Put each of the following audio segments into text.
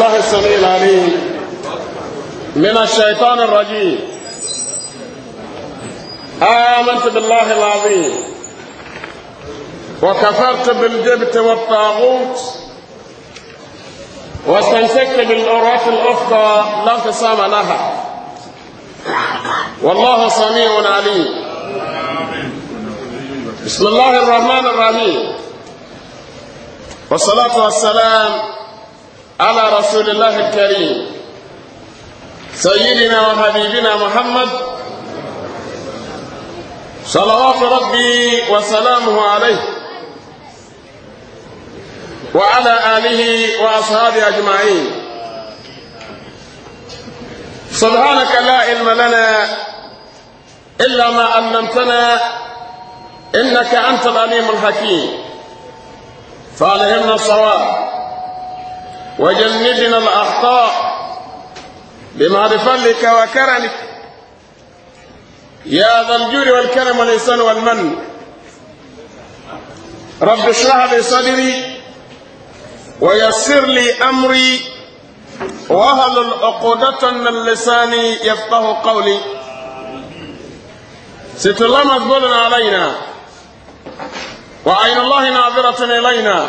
الله السميع العليم من الشيطان الرجيم آمنت بالله العظيم وكفرت بالجبت والطاغوت واستمسكت بالأوراق الأفضى لا انقسام لها والله سميع عليم بسم الله الرحمن الرحيم والصلاة والسلام على رسول الله الكريم سيدنا وحبيبنا محمد صلوات ربي وسلامه عليه وعلى آله وأصحابه أجمعين سبحانك لا علم لنا إلا ما علمتنا إنك أنت العليم الحكيم فألهمنا الصواب وجنبنا الأخطاء بما بفضلك وكرمك يا ذا الجود والكرم والإحسان والمن رب اشرح لي صدري ويسر لي أمري وهل العقودة من لساني يفقه قولي ست الله مقبول علينا وعين الله ناظرة إلينا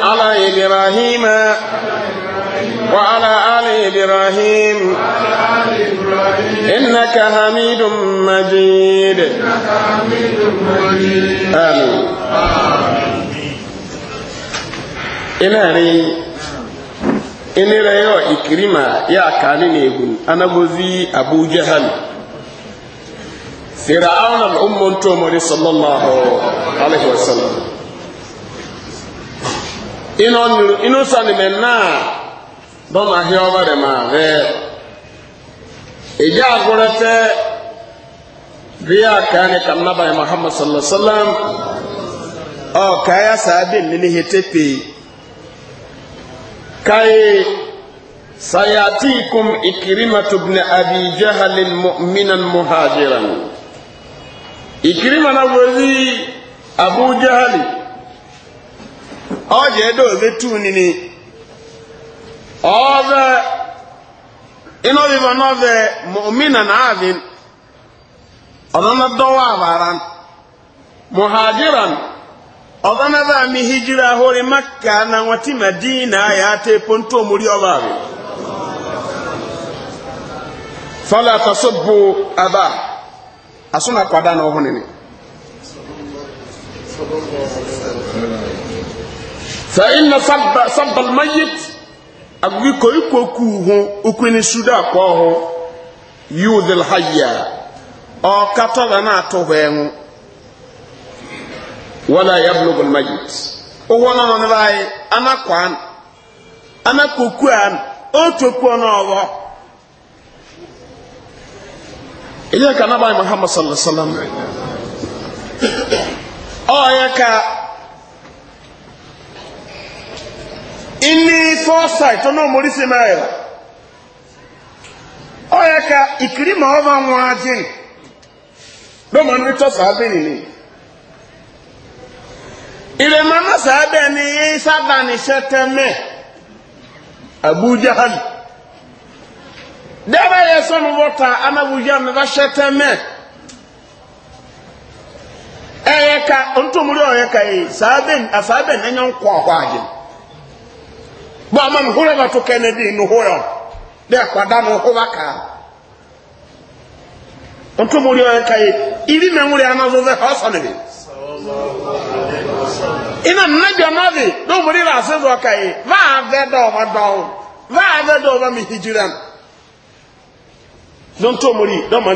على إبراهيم وعلى آل إبراهيم إنك حميد مجيد آمين إلهي inira yau ikirima ya kani ne gun anabozi abu jahal fir'aun al'ummon tomori sallallahu alaihi wasallam inonnyuru inusoni men naa don ahiobare mave ijagurete riyakani kam nabai muhammad salla sallam o kaya sabin mini hetepe kai sayatikum ikrimatu bne abi jahalin muminan muhajiran ikrima na wori abu jahali ọjọ ẹdọ ometu nini ọbẹ iná bíbọ nọbẹ mọmínà nàáfin ọdọnà dọwọ àbàrán muhajiran ọdọnà bá mi hijira ahórí maka na wọtí madina yà tẹ pọntó múri ọba rẹ bụ tasọbù abá asúnà kwada náà ọhún nìyẹn. فإن صب صب الميت أبوكو يكوكوه أكوين سودا قوه يوذي الحيا أو كتبنا توهين ولا يبلغ الميت وهو أنا نراي أنا قوان أنا كوكوان أو تكوان الله إليك نبي محمد صلى الله عليه وسلم أو يكا inni foresight ọ̀nà òmòrísí mẹ́rẹ̀lá ọ yẹ ka ìkìrí ma ọ bá wọn ní ni ìrẹ̀mọ̀ náà sábẹ́ ni sábà ní sẹ́tẹ́ abuja hàn dẹ́bẹ̀ yẹ sọ́nu wọ́ta anabuja mi bá sẹ́tẹ́ mẹ́ ẹ yẹ ka ntòmúrí ọ yẹ ka yìí bọ́ọ̀mọ́ ní húrẹ́ bá tó kẹ́nẹ́dì inú húrẹ́ dẹ́ pàdánù ka ká ọtún mú rí ọyẹ káyé ìrí mẹ́mú rí anáwó fẹ́ ọ̀sán nìyí. iná nàbí ọ̀nàbí ló mú rí rà sẹ́dọ̀ káyé va fẹ́ dọ̀ ọ̀bá dọ̀ọ̀ máa fẹ́ dọ̀ ọ̀bá mi hijira nù. ló ń tó mú rí lọ́mọ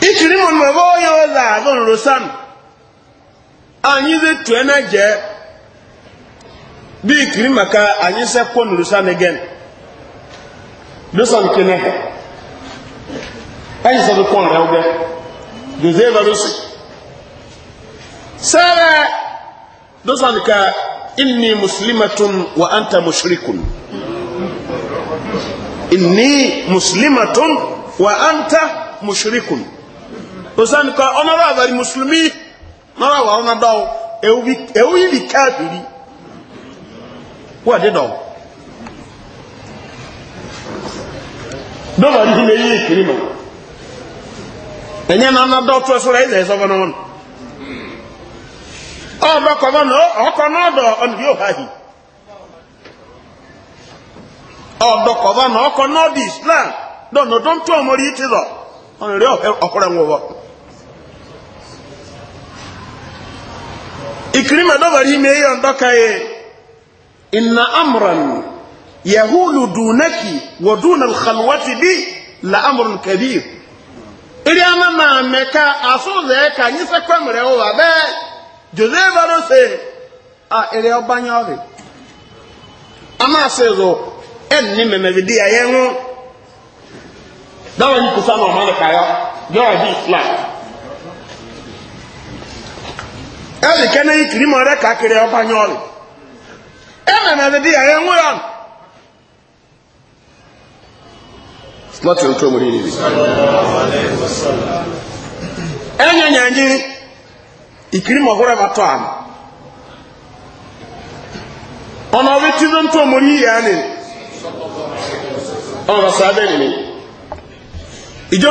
itiri mu mu ebo yɛ ɔza abo nrosan anyi ze tue na gyɛ bi ikiri maka anyi sɛ kɔ nrosan again nrosan kene ɛnyi sɛ do kɔn rɛw bɛ doze eva do si sɛbɛ nrosan ka inni muslimatun wa anta mushrikun inni muslimatun wa anta mushrikun. osani kɔ ɔnɔrɔ abali musulumi nɔrɔ awɔrɔ na o ewiri yi bi kaafiri wo ɛdi dɔw dɔw ali ti na eyi ekiri ma ɛnyɛ na na dɔw o ɛsoro ɛyɛ ɛsɛ ɔbɛn wɔn ɔbɛ kɔbɛ na ɔkɔ n'ɔdɔ ɔnu o ha yi ɔdɔ kɔbɛ na ɔkɔ n'ɔdi islam dɔnɔ tó ń tó ɔmɔ yi ti lɔ ɔnu ikirima dɔbari mi eyan dɔka ye inna amran yahulu dunaki wa duna alkhalwati bi la amrun kabir iri ama na meka aso zɛ ka nyi sɛ kɔmrɛ wo abɛ jose baro se a iri ɔba nya ɔri ama se zo ɛnni mɛmɛ di ayɛ ho dɔwɔ kusa na ɔma ne ka yɔ yɔ ɔdi islam ɛdi kɛnɛ yi kiri mɔrɛ kakiri ɔba nyɔri ɛna na didi ɛyɛ ŋwɛn. láti ohun tó mú nínú ibi. ɛnyɛ nyanyi ìkiri mɔhúrɛ bá tɔ àná ɔnà ɔbɛ tí ló ń tó mú yíyí ɛni ɔnà ìjọ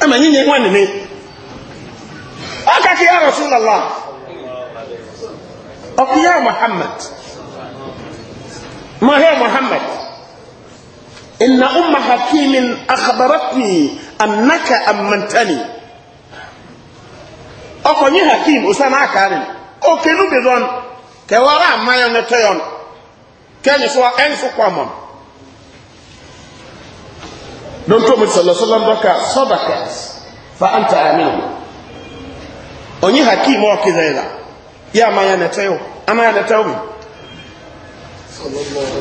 ama nyinyi ho anene aka ke ya rasulullah aka ya muhammad ما هي محمد إن أم حكيم أخبرتني أنك أمنتني أخواني حكيم أسانا كارن أوكي نبضون كوارا ما ينتيون كان سوى أنسو قوامون don to mu sallallahu alaihi wasallam baka sadaka fa anta amin onyi hakim o kizaila ya ma ya na tayo ama ya na tayo mi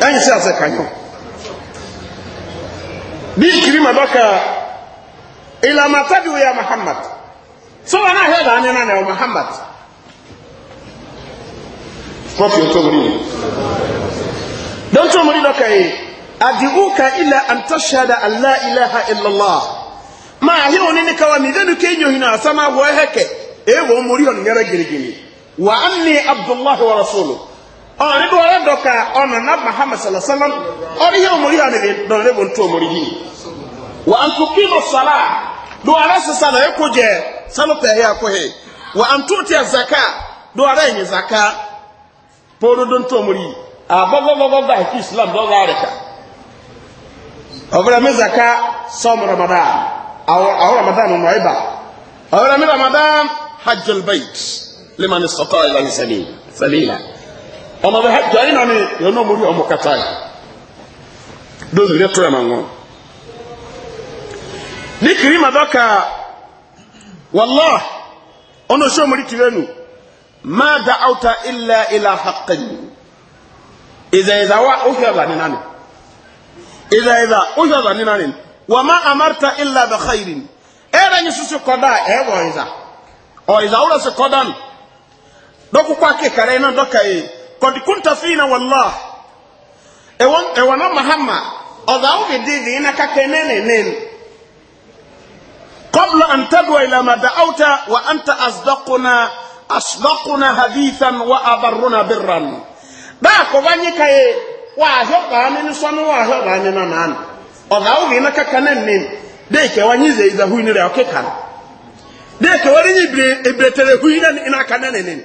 an sa sa kanyo bi kirima baka ila matadu ya muhammad so ana hela ne na na muhammad prophet to muri don to muri baka yi adiuka ila an tashhada an la ilaha illa allah ma hi onini kawa mi denu ke nyo hina sama wo heke e wo mori on ngara girigiri wa anni abdullah wa rasuluh on ni bo doka on na muhammad sallallahu alaihi wasallam on hi mori ha ne don le bon to mori hi wa an tuqima salat do ala sala e ko je salo pe ya ko he wa an tuti zakat do ara yin zakat poro don to mori a bo bo bo ba islam do ga reka ọ̀fẹ́rẹ́ mi zaka sọ́ọ̀mù ramadan àwọn ramadan nù ọ̀ẹ́bà ọ̀fẹ́rẹ́ mi ramadan hajj albayt lima ni sọ́tọ̀ ìlànà sẹ́lẹ̀lá ọmọ bẹ hajj ayé nàní yóò náà mórí ọmọ kata yìí dóòzù rẹ tóra màá wọn. ní kiri madọ́ka wàllọ́ ọ̀nà oṣù omori kiri nu má da auta ilà ilà haqqin ìzẹ̀ ìzàwá ó fi ọ̀là nínú. إذا إذا أجد ننان وما أمرت إلا بخير إذا نسوس قدا إيه إذا أو إذا أولا سقدا دوكو كواكي كارينا دوكا إيه قد كنت فينا والله إيوان إيوان مهما أذا أوبي دي دي إنا كاكينين نين قبل أن تدعو إلى ما دعوت وأنت أصدقنا أصدقنا حديثا وأبرنا برا داكو بانيكا إيه. waahyobaame ne sɔme waahyobaame no naano ɔdhawo hei na kaka ne nnem dei kɛ wanyize iza hui ne rɛ ɔkeka no dei kɛ wɔre bire ebiretere hui na ne aka ne nenen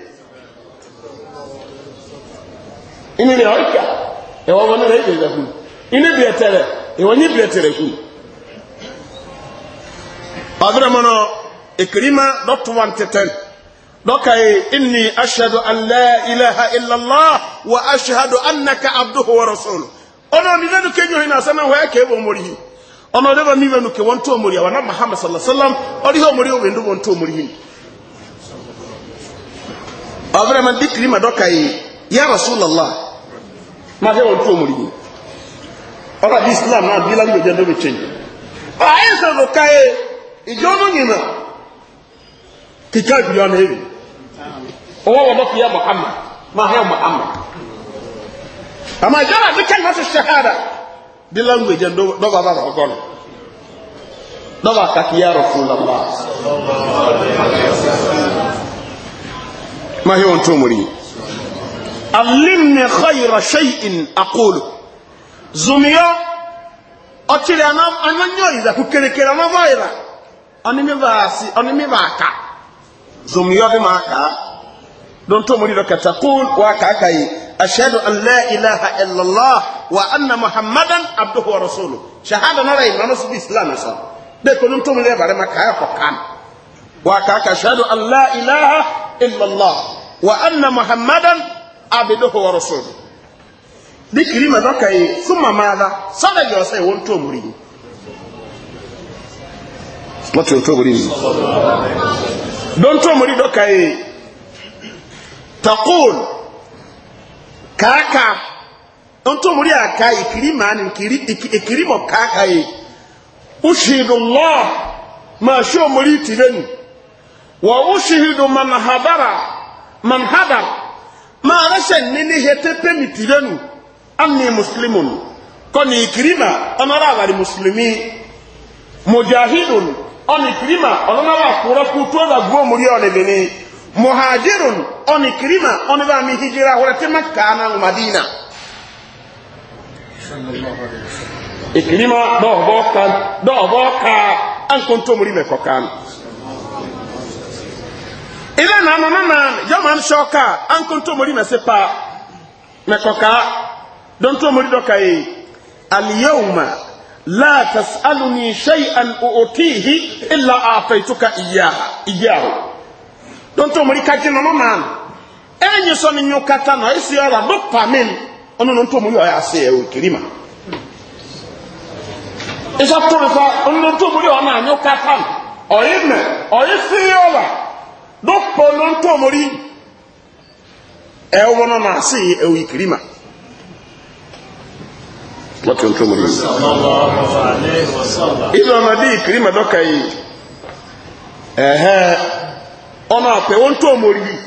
ine rɛ ɔka ɛwɔ e wɔ ne rɛ iza hui ine biretere ɛwɔ e nye biretere hui ɔdrɛ mɔ no ekirima dɔtowanteten دوكاي إني أشهد أن لا إله إلا الله وأشهد أنك عبده ورسوله أنا نيفنو كنيو هنا سنة ويا كيبو مريه أنا دابا نيفنو كي وانتو مريه وانا محمد صلى الله عليه وسلم أريه مريه ويندو وانتو مريه أبرا من ذكري ما دوكاي يا رسول الله ما هي وانتو مريه أرى الإسلام ما بيلا نيجي ندو بتشيني أعيش دوكاي إجانو نينا كتاب يان هيفي ọwọ́ wọ́n bọ́kì yẹ muhammad máa hẹ́ muhammad àmà ìjọba àti kẹ́ńtà ti ṣahada bí language ẹ̀ dọ́gba bá ọgọ́ nù dọ́gba kàkí yà rọ̀ fún lọ́wọ́ máa hẹ́ wọn tó mú rí alimni khayra shay'in aqulu zumiya ọtiri anam anyanyo izaku kerekere anam vayira ọni mi baasi ọni mi baaka zumiya bi maa kaa don to muri ka taqul wa ka kai ashhadu an la ilaha illa allah wa anna muhammadan abduhu wa rasuluhu shahada na rai na su islam sa de ko don to muri bare ma kai ko kan wa ka ka an la ilaha illa wa anna muhammadan abduhu wa rasuluhu dikiri ma do kai summa mala sada yo sai won to muri Mọ́tò tó wòrí ni. Dọ́ntọ́ mo rí تقول كاكا انتم مريا كاي كريمان كريمو كاكاي أشهد الله ما شو مريت لن وأشهد من حضر من حضر ما رشن نني هتبني تلن أني مسلم كوني كريما أنا رأى المسلمين مجاهد أني كريما أنا رأى كورا كوتوا لغو مريا لبني muhajirun oni kirima oni ba mi hijira wala te makka na madina ikirima do bo kan do bo ka an kon to muri me ko kan ila na na na yo man shoka an kon to muri me se pa me ko ka don to muri do kai e. al yawma la tas'aluni shay'an u'tihi illa a'taytuka iyyaha iyyahu donto muri kaji no na man enyi so ni na isi ora do pamin no ase e eh, oh, eh, oh, kirima isa fa no na nyukata oyime oyisi ora do po no ntomu ri e no na ase e kirima Watu mtume Muhammad sallallahu alaihi wasallam. Ila madi ọ̀nà ọ̀pẹ̀ wọ́n tó mórí yìí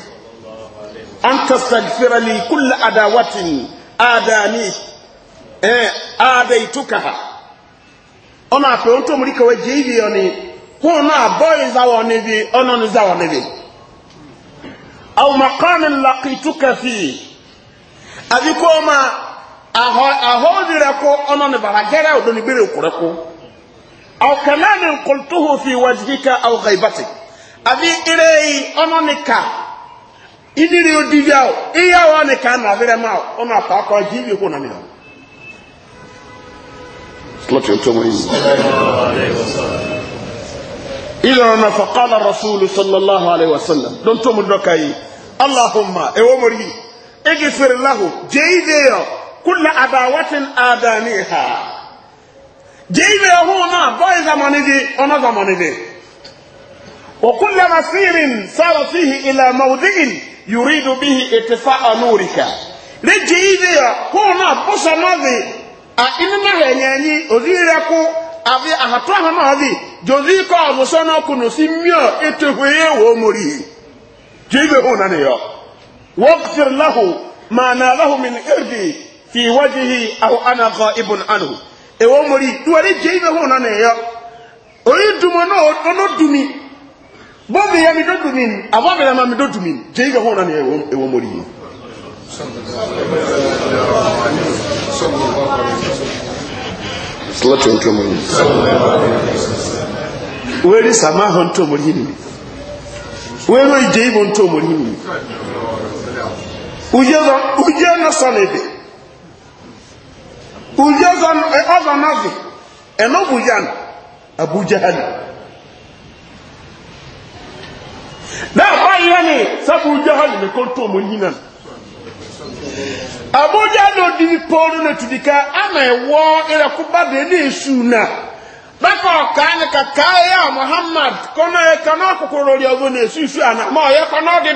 an tastagfira li kulla adawatin adani eh adaituka ọ̀nà ọ̀pẹ̀ wọ́n tó mórí kawai jẹ́ ibi ọ̀nà hún náà bọ́ọ̀lì záwọ̀ níbi ọ̀nà ní záwọ̀ níbi àwọn makamin lakituka fi àbíkó ma ahọ́ọ̀dìrẹ́ kó ọ̀nà ní baragẹ́rẹ́ òdò ní gbére òkúrẹ́kó àwọn kẹlẹ́ ni kòltuhu fi wàjìkà àwọn gaibatik abi irei ɔno nika idiri odivia o iya wɔ nika na abirɛ ma o ɔno afa akɔ gyi ibi ko na mi na. lọ́tí o tó mọ yìí. ilẹ̀ ọ̀nà fọ̀kàlà rasulu sallallahu alaihi wa sallam ló ń tó mu dọ́ka yìí allahumma ewo mori yìí egi fere lahu jeyi de yọ kula adawatin adaniha jeyi de yọ hu na bọ́yì zamani di ọ̀nà zamani di. وكل مسير سار فيه إلى موضع يريد به اتفاء نورك رجي إذا هنا بصر ماذي أئننا هنياني أذيركو أبي أهطوها ماذي جوزيكو أغسانا كنسي ميو اتهوية ومريه جيبه هنا نيو واغفر له ما ناله من إردي في وجهه أو أنا غائب عنه ewomori duwari jeibe hona ne ya oyi dumo bóbi ya mi dodo mi àwọn abẹrẹ ma mi dodo mi jẹ ike wọn nani ewo mori yi. sọlá tó ń tó mọ yìí. wẹ́rẹ́ sàmá hàn tó ni wẹ́rẹ́ ìjẹ́ ìbò ń tó mọ yìí ni. ujẹ́ abuja hali. dafa yanni sabu jahali ne ko to mo abuja no di polu ne tudika ama e wo era ku na. de ne suna ba ka ka ya muhammad ko na e kana ko ko ro li ogo ne su su ana ma ye ko no di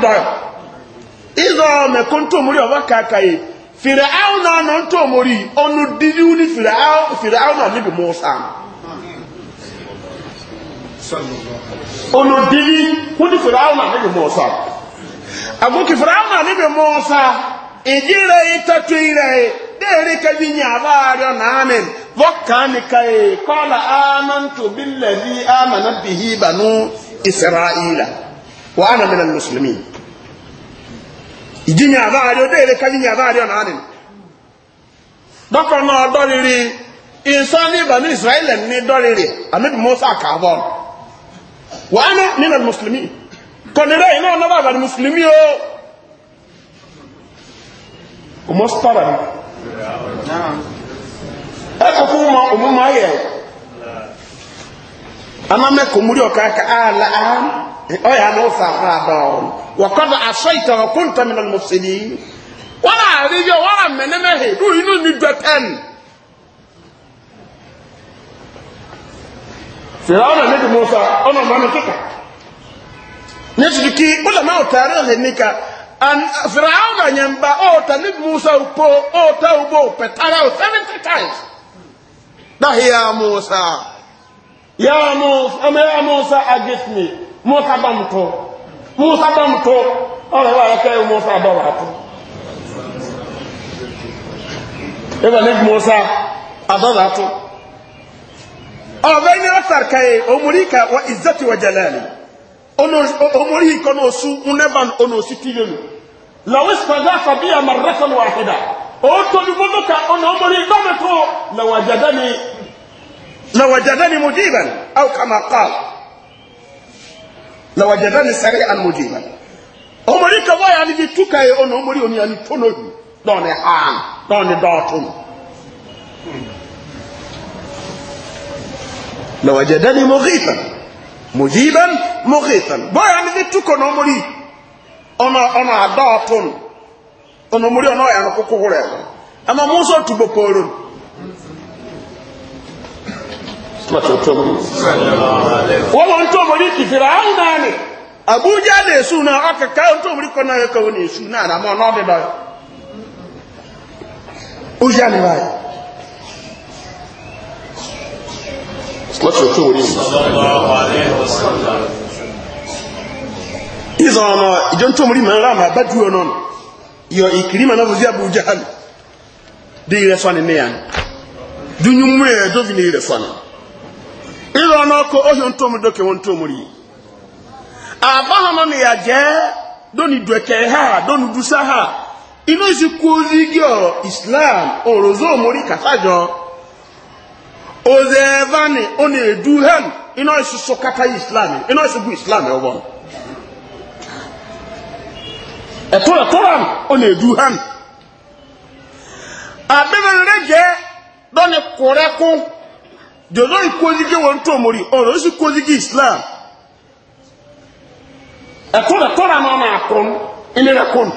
doya o ka ka yi fìràáhùn náà nà ń tó mórí ọ̀nà dídí ní fìràáhùn náà níbi mọ́sá ọ̀nà dídí ní fìràáhùn náà níbi mọ́sá àgùnkì fìràáhùn náà níbi mọ́sá ìdí rẹ̀ yìí tẹ́tù rẹ̀ yìí déèrè kẹ́bí ní àbáàrẹ̀ nàánì wọ́kànìkà yìí kọ́lá ámántò bílẹ̀ bí ámànà bìhí bànú ìsẹ̀ráìlà wàhánà mìíràn mùsùlùmí ìdí nyàbáàrí ó déèrè kábí nyàbáàrí ọ̀nà àdìní dọ́kọ̀ náà dọ́rìrì ìsọ́ní ìbànú ìsìráìlẹ̀ ní dọ́rìrì àmìbì mọ́sá kààbọ̀ wọ́n ní nínú mùsùlùmí kọ̀nìrẹ́ iná ọ̀nà bàbà ní mùsùlùmí ó ọmọ sọ́rọ̀ ni ẹkọ̀ fún ọmọ ọmọ ayẹ̀ anamẹ́kọ̀ múrí ọ̀ka ká àlà ààrùn ọyà ni ó sàfà dọ̀ọ̀ wọ́kọ́dọ̀ aṣọ ìtàn ọkùn tẹ́mínà mùsùlùmí wọ́n àrí yọ wọ́n àmẹ́nẹ́mẹ́hìn rú inú mi dọ̀ tẹ́n. sèrè ọ̀nà níbi mú sọ ọ̀nà mọ́ mi kíkà ní tuntun kí ọlọ́mọ ọ̀tàrí ọ̀lẹ́ níkà sèrè ọ̀nà yẹn bá ọ̀tà níbi mú sọ òpó ọ̀tà ògbó pẹ̀tàrà ọ̀ times. dáhìí yà mú sá yà mú sá ọmọ musa bá mu tó musa bá mu tó ọ̀rọ̀ wa kẹ́ musa bá wà tó. ebe ne musa adọ́dà tó. ọ̀rọ̀ bẹ́ẹ̀ ni asar ka ye omori ka wa izati wa jalali omori kọ́nà osu nneban ọ̀nà osu tiyo ni lọ́wọ́ sọ̀dọ̀ àfàbíyà màrẹ́sọ̀nù wàhídà ó tóbi gbogbo ka ọ̀nà omori gbọ́dọ̀ tó lọ́wọ́ jẹ́dẹ́ni lọ́wọ́ jẹ́dẹ́ni mujiban aw kama qaal lawajadani sari an mujiba omori ka waya ni bituka ye ono omori oni ani tono hu done han done dotun lawajadani mughifan mujiban mughifan baya ni bituka no omori ono ono adotun ono omori ono ya no kokore ama muso tuboporo wọ́n tó mọ̀ ní kìfìrà áhùn náà ni àbújá lè sùn náà ọkàkà tó mọ̀ ní kọ́nà ẹ̀kọ́ wọn èsù náà àmọ́ náà dẹ̀ báyìí ó yá ni báyìí ìzọ̀ ọ̀nà ìjọ tó mọ̀ ní mọ̀ nrà máa bá dúró náà yọ ìkìrí mọ̀ náà fòsí àbújá dé ìrẹsọ́ ni mẹ́yàn dúnyún mú ẹ̀ẹ́dọ́fì ní ìrẹsọ́ náà ịrụ n'ọkụ ohi ntụm doke nwe ntụm ri abaha ya jee doni dweke ha doni dusa ha imezu kwuzi gị ọ islam orozo omori jọ. oze evani ọ na-edu ha ịnọ isusu kata islam ịnọ isugu islam ọbọ ẹtọrọ tọrọ ọ na-edu ha abịa jee rege doni kụrẹkụ jọ̀dọ̀ ìkójígé wọn tó mórí ọ̀rọ̀ sí kójígé islam ẹ̀kọ́ rẹ̀ tọ́ra náà máa kún ilé rẹ̀ kún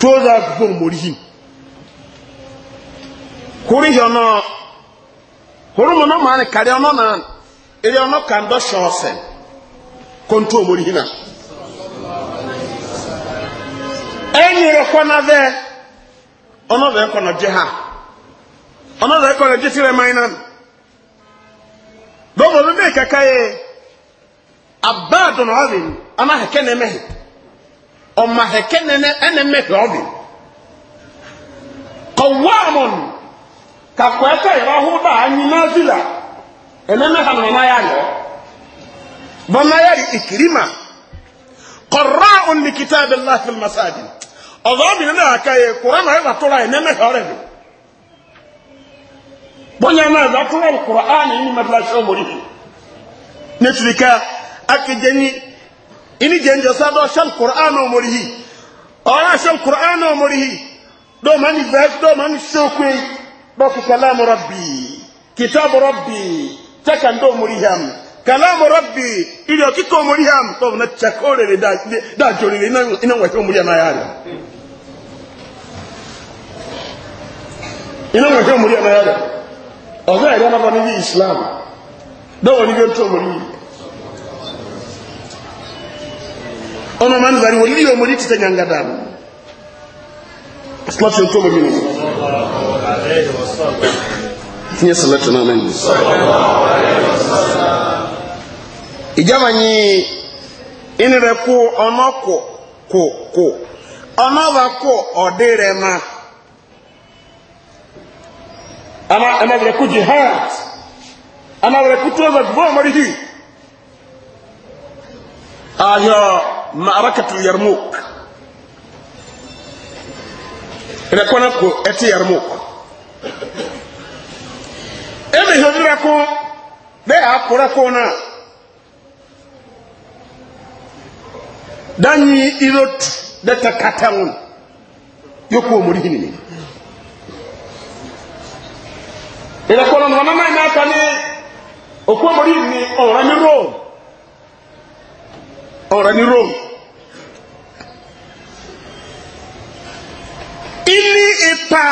tó rà gbọ́n mórí yìí kúrì yọ náà horúmọ̀ náà máa ní kàrí ọ̀nà náà eré ọ̀nà kan dọ́ ṣọ́ọ̀sẹ̀ kó tó mórí yìí náà ẹ̀yìn rẹ̀ kọ́ náà bẹ́ẹ̀ ọ̀nà bẹ́ẹ̀ kọ́ náà jẹ́ ha ọ̀nà bẹ́ẹ̀ kọ́ náà jẹ́ tirẹ̀ máa náà dɔnku ɔno bɛ kaka yɛ abaa dɔn ɔbɛn ama hɛkɛ nɛ mɛhɛ ɔma hɛkɛ nɛ nɛ ɛnɛ mɛhɛ ɔbɛn kɔwaamɔn kakɔ ɛtɛ yɛrɛ ahodoɔ a anyinaa fi la ɛnɛ mɛhɛ no ɔma yɛ ayɔ bɔnna yɛ de ikirima kɔraa ɔn ni kitaabi masaadi ɔzɔ ɔbɛn nɛ aka yɛ kura na ɛna tora ɛnɛ mɛhɛ ɔbɛn bonya na zatuna alquran ni matlasho murihi netrika akijeni ini jenjo sado shal quran murihi ora shal quran murihi do mani vers do mani sokwe do kalam rabbi kitab rabbi taka ndo muriham kalam rabbi ile kiko muriham to na chakore da da jori ina ina wa muriham ayari ina wa muriham ayari ọ̀gá ẹ̀rọ náà ní islam dáwọn ní gẹ́ntọ́ wọlé ọmọ ma ń zari wọlé yíò mọ̀lí títẹ̀ yangada slọ́tí tó wọlé ní ní sọlọ́tí náà mẹ́rin ìjọba yí inú rẹ̀ kó ọ̀nà kò kò kò ọ̀nà wa kó ọ̀dẹ́ máa ama ama vile ku jihad ama vile kutoza kwa marihi aya maarakatu yarmuk inakuwa nako eti yarmuk ebe hivyo ko be akura kona danyi irot data katangun yokuwa murihini nini ìrẹ́kọ̀ọ́lọ́ mọ̀ mọ́mọ́ iná ká ní òkú ọmọdé ní ọ̀rẹ́ ní rome ọ̀rẹ́ ní rome ilé ipa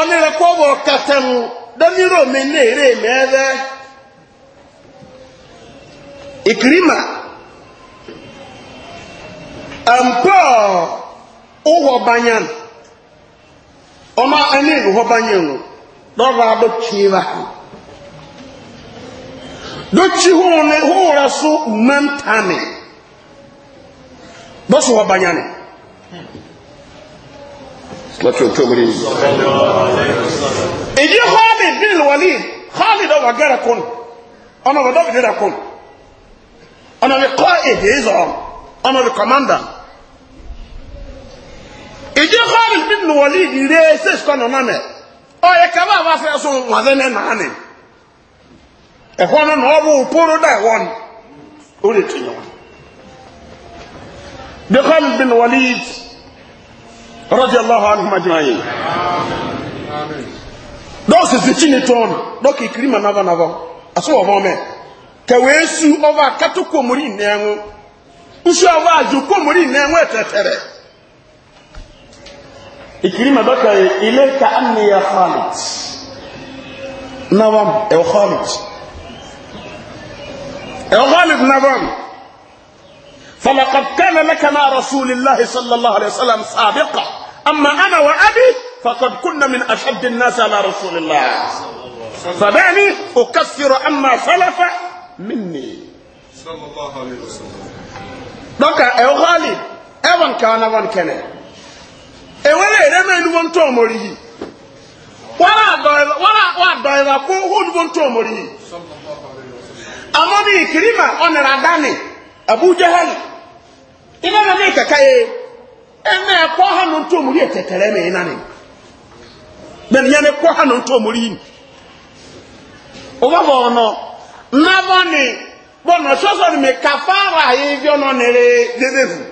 ọ̀nìrẹ́kọ̀ọ́wọ̀ kẹtẹ̀rù dání rome ní èrè mẹ́rẹ́ ìkìrìmà ẹ̀mpọ̀ ụwọ̀ banyan ọma banyan dɔba do twi ba do twi huu ne huura so mantame bɔ so wɔ banya ne èyí xɔlì bíl wàlí xɔlì dɔ wà gɛrɛ kun ɔnà wa dɔ gɛrɛ kun ɔnà wà kɔ èdè zɔn ɔnà wà kɔmanda èyí xɔlì bíl wàlí rèé sèso nana mɛ. ọyẹ kama àwọn afẹ́ so wàdé no na ọ̀rọ̀ òpóró dá ẹ̀wọ́ ni ó lè tún yẹn wọn. dèkọ́m bin walid rọ́jì aláhùn anumadjúmá yìí dọ́ọ̀sì fìtí ni tọ́ọ̀n dọ́ọ̀kì kiri mà nàbà nàbà àti wọ́n su ọba kátó kòmórì nsú ọba kòmórì ikirima baka إليك anni يا خالد نعم يا خالد يا khalid نعم فلقد كان لك مع رسول الله صلى الله عليه وسلم سابقة أما أنا وأبي فقد كنا من أشد الناس على رسول الله فدعني أكفر أما سلف مني صلى الله عليه وسلم بقى يا غالب أيضا كان أيضا كان ewere ereme enugo ntụ omorihi wadọịra kwụ onugo ntụ omorihi amadi kirima ọ nara adani abuja ha ina na ne kaka ye ene ekwo ha no ntu omuri etetere me ina ne na nya ne kwo ha no ntu omuri oba bo na bo ni bo no so so me kafara ye bi ono nere dedevu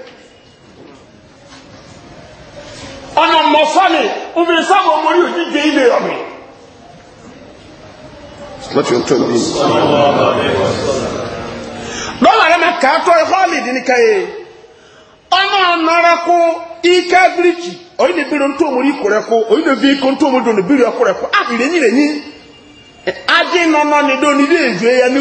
ọ̀nà mọ̀sánì obìnrin sábà mórí òjíjẹ ilé ọ̀mì lọ́la rẹ̀ máa kàátọ́ ẹ̀họ́lì dínníkà yìí ọmọ ọ̀nàrà kó ike bíríkì oyin ni na ntó mórí kò rẹ̀ kó oyin ni bírí ntó mórí dòní bírí ọkọ rẹ̀ kó àbìrì ẹ̀yìn rẹ̀ ajé nọ́nà ni dòní ilé ìjọ ẹ̀yà ní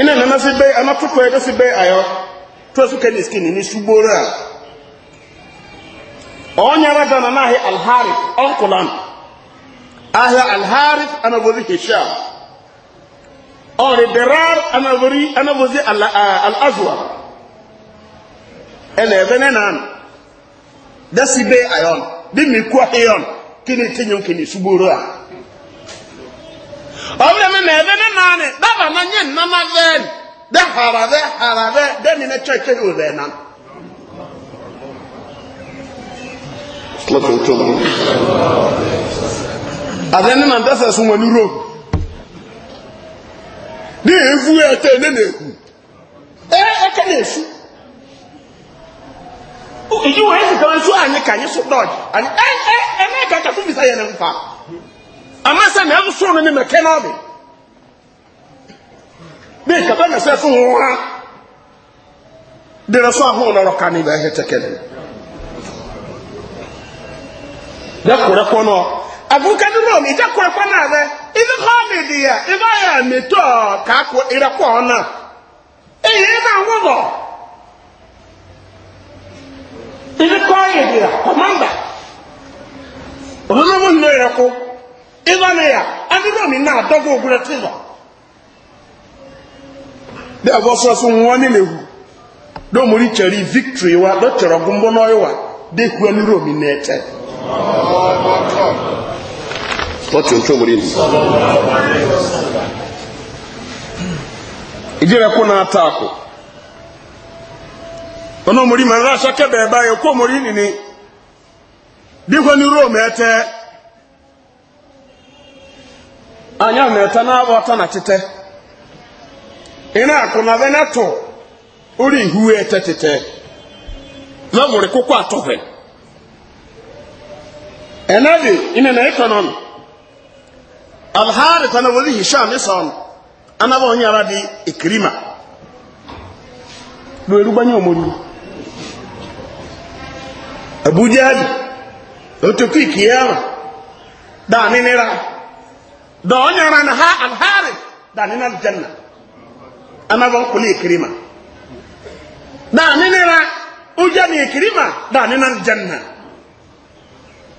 ina nana si bɛ ana tutu ɛdɛ si bɛ ayɔ tuwasu kɛ ni skin ni sugboro a ɔnyara dana n'ahi alharif ɔnkulan ahi alharif anabodi hisham ɔri derar anabodi ala al'azwa ɛnna ɛbɛ ne nan dɛ si bɛ ayɔ de mi ku kini ti kini sugboro a ọbẹ mi na ẹbẹ ne naani daba na nye nnama vẹẹn dẹ hara vẹ hara vẹ dẹ ni ne kyerɛ kyerɛ o vẹẹ nan. adé ne nan dẹsẹ sun wọn ní rome efu yẹ tẹ ne na eku ẹ ẹ na efu èyí wọ́n yẹ kí kan so ànyè kànyè so dọ́ọ̀jì ànyè ẹ ẹ ẹ mẹ́ẹ̀ka kàtó bisá yẹn ní nfa ama sɛ na ɛsoso no ne mɛkɛ no ade ne kaba na sɛ so hoa dere so aho na rɔka ne bɛhɛ tɛkɛ ne dɛ korɛ kɔ no agoruka de no ne gya korɛ kɔ no adɛ ibi kɔ ne deɛ ibi ayɛ metɔ kaako erɛ kɔ ɔna eye na ahodo ibi kɔ yɛ deɛ kɔmanda ɔno no mo nnɔ erɛ kɔ ịvanị ya anụrụmi na-adọgbu ogwure tịzọ dị abụ ọsọsọ nwa domori chere victory wa dọchọrọ gụmgbọ n'ọyịwa dekwu anụrụmi na-ete tọ́tù tó ma ń ráṣọ́ kẹ́bẹ̀ẹ́ ebe kó òmòrí anya na n'abọ ọta na tete Ị na ve na-atụ ori ihu ete tete na nwere kwụkwọ atọ hwe enadi ina na ekonom alhari na wali hisham ison anaba onye ara dị ikirima lu erugbanye omori abuja dị otu kiki ya mụ daa nịnịra da onyara na ha alhari da ni na aljanna ama ban kuli kirima da ni ne ra uja ni kirima da na aljanna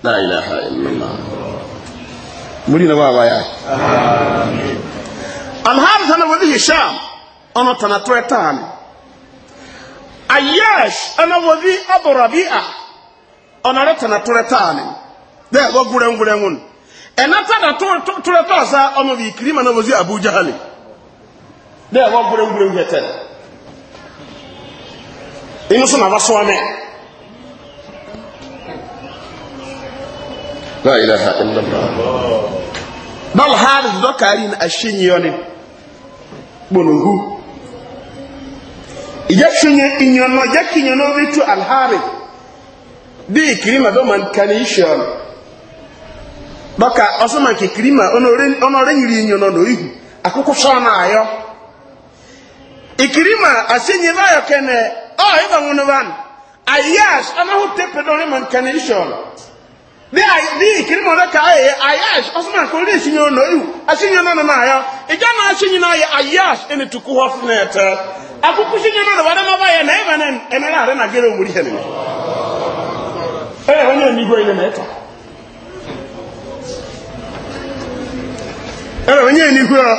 la ilaha illallah muri na baba ya amin alhari sana hisham ono tana twetan ayash ana wadi abu rabi'a ona retana twetan de go gurengurengun ɛnata da tora tora sa ɔmo bi kirima na wosi abuja hali ne ɛwɔ gburengbureng hɛtɛ inu so na ba soa mɛ. la ilaha illallah bal haris dɔkaari na ahyɛnyi yɔne gbɔnugu yɛhwɛnyɛ inyɔnɔ yɛkinyɔnɔ bi tu alhari bi kirima bɛ kani hyɛn. dọka ọsụma nke kirima ọnọrọ nyiri inyo nọ n'ihu akụkụ sọ na ayọ ikirima asinye bayo kene ọ ịba nwụnụ ban ayash anahụ tepe dọrị ma nke n'ishọn dị ikirima ọdọ ka ayọ ayash ọsụma nke ọrịa esinye nọ n'ihu asinye nọ na ayọ ịga na asinye na ayọ ayash ịnị tuku họfụ na-ete akụkụ sinye nọ n'ụwa dama bayo na ịba na emere arị na gere omuri ihe nị ee onye n'igwe ile na-eto ɛna onye ni hura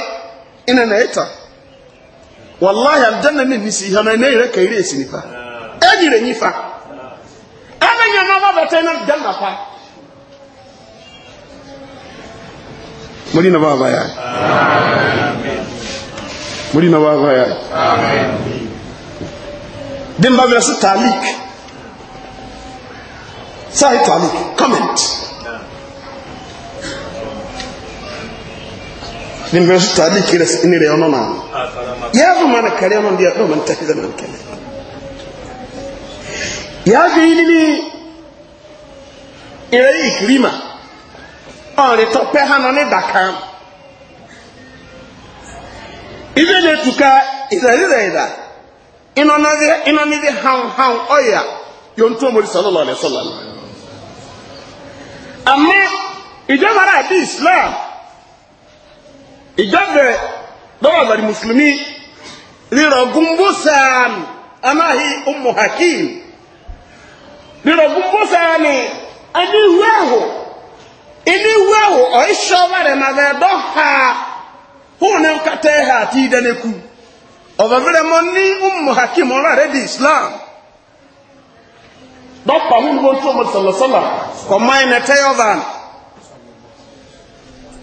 ina na ita wallahi aljanna ne nisi ha na ne ire ka ire esi nipa ɛni re nifa ɛna nya na ba bata na aljanna fa muri na baba ya muri na baba ya din ba bi su talik sahi talik comment nimbe sutadi kire inire ono na yavu mana kare ono ndia no man tahiza man kale yavu ilini ile ikrima ore to pe hano ni daka ile ne tuka izaliza ida ino na ze ino ni ze han han oya yonto mo sallallahu alaihi wasallam amma ijabara di islam ìjọ́bẹ̀ lọ́wọ́ musulmi rírọ̀gún anaghị umu hakim rírọ̀gún búsàn ni ẹni ìwé ẹ̀hù ẹni ìwé ẹ̀hù ọ̀íṣọ́ bẹ̀rẹ̀ ma bẹ̀ dọ́ha hùn ní hakim ọ̀rọ̀ rẹ̀ islam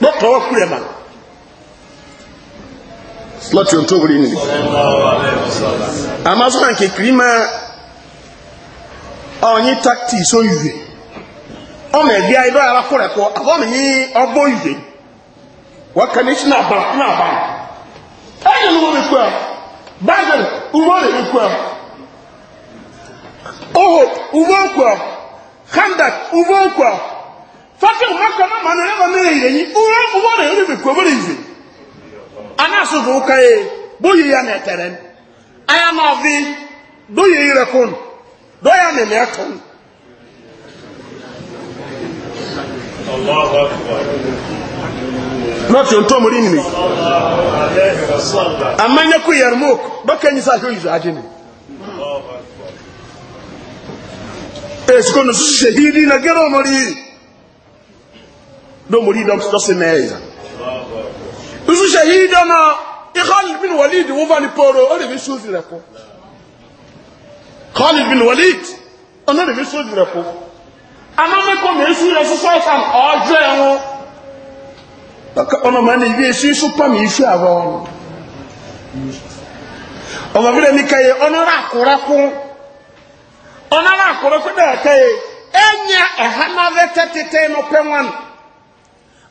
dɔkta wa kure ma slati o tobiri ni ama nke kiri ma takti so yue ɔmɛ bi ayi dɔ yaba kure kɔ abɔ mi ni ɔbɔ yue waka ni sina ba na ba ɛyɛ e ni wɔn mi kura baagari umo de mi kura oho umo handak umo fati umaka mama na nema mere yenyi uwe uwe na yori biko bere izi ana so go kai boyi ya na teren aya na ovi do ye ire kon do ya na me kon Allahu akbar Nati onto muri ni Amanya ku yarmuk bakanyi sa hizo ajini Allahu e, akbar Esko no shahidi na gero muri domori dɔsinɛɛya nsu sɛ yi dɔnna ikhalid bin walid wofa ni poro o de bi sun zirɛ ko khalid bin walid ɔno de bi sun zirɛ ko Ana kɔ mɛ esu yɛ sɔsɔ san ɔjɔ yɛ ŋo ɔnɔ mɛ ne yi esu esu pa mi esu awɔ ɔmɔ bi dɛ mi ka ye ɔnɔra akora ko ɔnɔra akora ko dɛ ka ye enye ɛhama bɛ tɛtɛtɛ nɔpɛ ŋwani.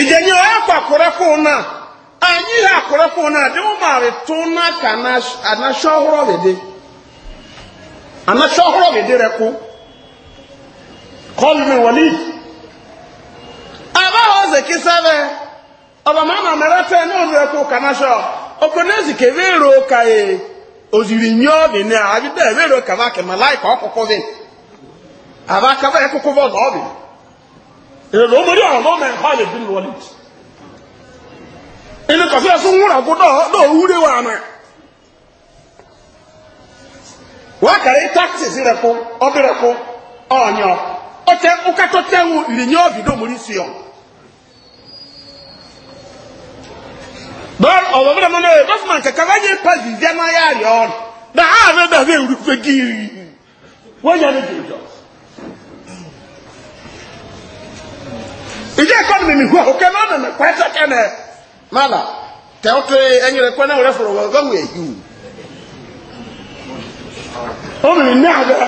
ìjẹ̀yìn ọ̀yà kọ àkọ́rẹ́kọ́ náà àyìn ìhà àkọ́rẹ́kọ́ náà àdéhùn máa rè tó náà kà ànáṣọ́hóró rèdè ànáṣọ́hóró rèdè rẹ kú kọ́lù mi wọlé àbáwọ̀ zèké sẹ́fẹ̀ ọba màmá mẹ́rẹ́ tẹ́ ní òun rẹ kú kànáṣọ́ ọkùnrin kèwé èrò kàyé òzìrì nyọ́ bìíní àbí bẹ́ẹ̀ wéèrò kàwá kẹmà láì kọ́ kọ́kọ́ bẹ́ẹ̀ àbá kàwá ẹ̀kọ́kọ́ bọ́ọ̀lù ọ̀bìíní. ìrìn ló mórí ọ̀rọ̀ mọ́mọ́ ẹ̀họ́ bí wọlé inú kọfí ẹ̀sùn wúrà kó dọ̀ wúré wà mọ́ wọ́n kẹrẹ́ táksìsì rẹ̀ kó ọbí rẹ̀ kó ọ̀nyọ́ ọtẹ ìrìnyẹ́ ọ̀bì dọ̀ sí ọ. bọ́ọ̀lù ọ̀wọ́ bí mo náà pàṣẹ máa yá ìjẹ́ ẹ̀kọ́ ni mi hu ọ̀kẹ́ náà nà kọ́ ẹ̀sẹ̀ kẹ́nẹ̀ mọ́là tẹ́ ọ́ tẹ́ ẹ̀yìn rẹ̀ kọ́ náà rẹ̀ fọ̀rọ̀ wọ́n gbọ́n èyí o ọmọ ní àgbẹ̀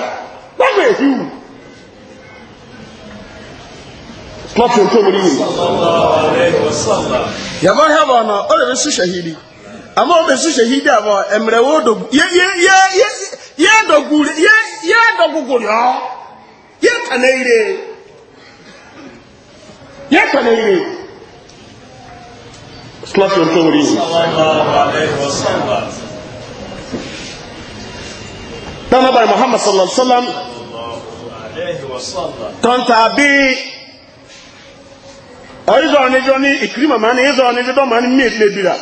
gbọ́n èyí o klọ́pù tó wọlé yìí. yàbọ̀ hẹ́bọ̀ ọ̀nà ó lè fi ṣiṣẹ́ yìí di àmọ́ ó lè ṣiṣẹ́ yìí di àbọ̀ ẹ̀mẹ̀rẹ̀ wo dògù yẹ yẹ yẹ yẹ yẹ dògù yẹ yẹ dògù gòlì ọ́ yẹ tàn yẹ pẹlẹ yìí slọsi o tó wuli yìí. dama bari muhammad sallallahu alaihi wa sallam tonta bi ọyí zọ ni jọ ni ìkiri màmá ni ìyí zọ ni dídọ́ màá ni mí èdè bira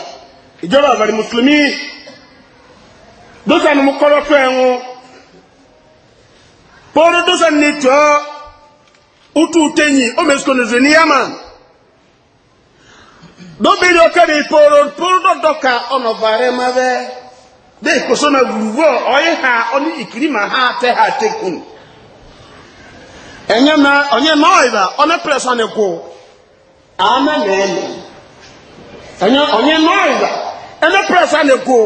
ìjọba àbàrí mùsùlùmí dókítà ni mo kọ́rọ́ pé ń wọ́n pọ́ọ́rọ́ ni tọ́. utu utenyi omesikonozo ni yaman dobiri okere iporo poro doka ọnọbare mabe de koso na guruvo ọyị ha ọnị ikiri ma ha te ha tekun enye na onye na ọyịba ọnụ presa na ekwu ama na eme onye onye na ọyịba ọnụ presa na ekwu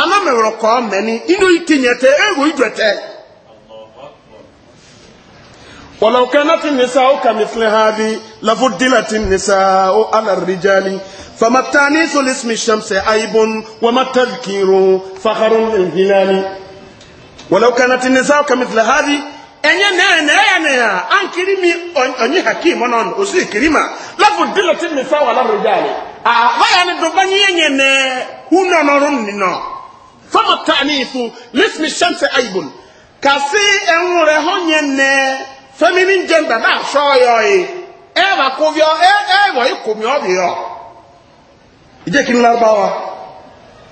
ama mewere ka ọ meni inu itinye te egwu ijwete ولو كانت النساء كمثل هذه لفضلت النساء على الرجال فما التانيث لاسم الشمس عيب وما التذكير فخر للهلال ولو كانت النساء كمثل هذه ẹ̀yẹ́ náà náà náà à ń kiri mi ọ̀nyí hakim ọ̀nà ọ̀nà òsì kiri ma láfù dìlọ̀ tí mi sáwà láròjà rẹ̀ àwáyà ni dọ̀bá ní ẹ̀yẹ́ náà hu náà nọ̀rọ̀ nìyẹn fọmọ tani ìfún lẹ́sìn ṣẹ́ǹsẹ̀ àyìbùn kàsí ẹ̀hún rẹ̀ hàn yẹn náà feminine gender náà sọ ọyọ yìí e. ẹ mà kó bí ọ ẹ ẹ wọ ikú mi ọ bì ọ. ìjẹ́ kí n lọ bá wa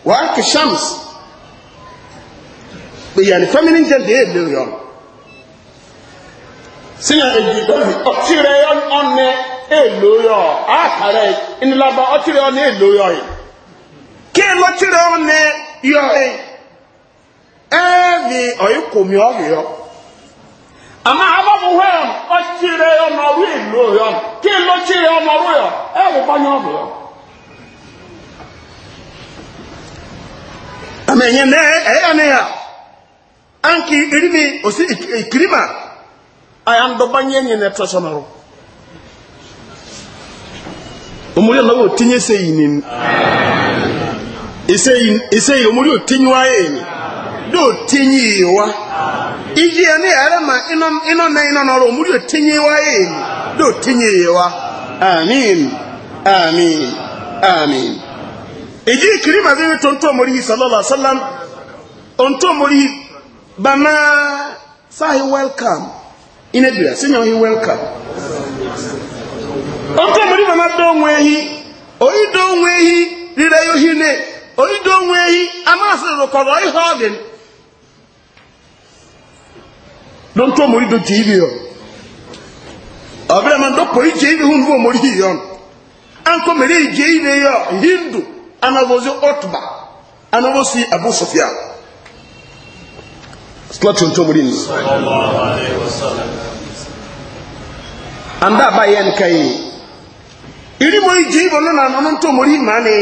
wàá kì shams ìyẹn ni feminine gender yìí lè yọ. sínyà èyí lórí ọtí rẹ ọ̀nẹ èlò yọ àkàrà ìnìlábà ọtí rẹ ọ̀nẹ èlò yọ yìí. kí ẹ lọ́tí rẹ ọ̀nẹ yọ yìí e. ẹ mi ọ̀ ikú mi ọ bì ọ. ama ababu hɔ yɛ ɔkyerɛ yɛ ɔnɔru elo yɛ kelo kyerɛ ɔnɔru yɛ ya. banyɔ ɔbɛ yɛ. amenye na ɛyɛ na ya anki erimi osi ekirima ayandɔba nye nye na tɔsɔ nɔrɔ omuli ɔnɔbi otinye seyi eseyi eseyi otinye wa yɛ do otinye iji ya ni ara ma ịnọ na ino nọrọ omuri otinye wa eyi do tinye ya wa amin amin amin iji kiri ma zai to nto omuri sallallahu alaihi wasallam onto omuri bana sahi welcome ine bira sinyo hi welcome onto omuri bana do onwe ehi oyi do onwe ehi rire yo hine oyi do onwe ehi amasa rokoro ihe ọ dị. don to mori do tiibi yo abira man do pori jeibi hun wo mori yon an ko mere jeibi yo hindu anavozi otba anavozi abu sufyan slot on to mori ni anda ba yen kai iri mori jeibi non an non to mori mane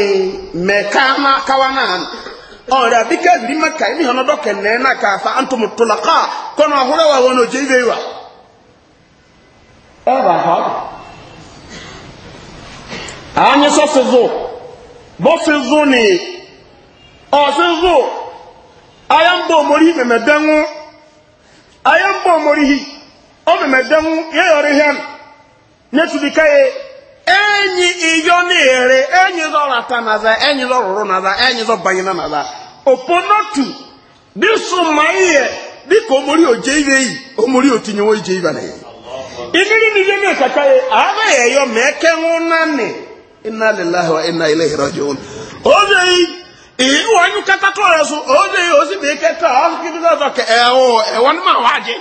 me kana kawana Ọrịa àbíkẹ́ ìrírí maka ẹ̀mí na ọdọ́ kẹ̀nẹ́ náà káfa àǹtọ̀mù tọ́lákà kọ́nà ọ̀húnrẹ́ wà wọn òjò ìwé wa. ẹ wà hàn. àányẹ sọ fìzù bó ni ọ̀fìzù mmemme ń bọ̀ mọ́rí mẹ̀mẹ̀ enyi iyo na-ere enyi zọrata naza enyi zọrụrụ naza enyi zọbanyena naza oponotu disu ma ihe dịka omori oje ibe yi omori otinyewo ije ibe na ya imiri n'ihe na-ekaka ya agaghị eyo ma eke nwụnanị inna lillahi wa inna ilaihi rajiun oje yi ihe wọnyi kata tọrọ ẹsọ oje yi osi bụ ike taa ọsọ kiri zọzọ ka ẹwọ ẹwọ ni ma wa je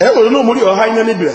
ẹ e wọrọ n'omori ọha ihe n'ibira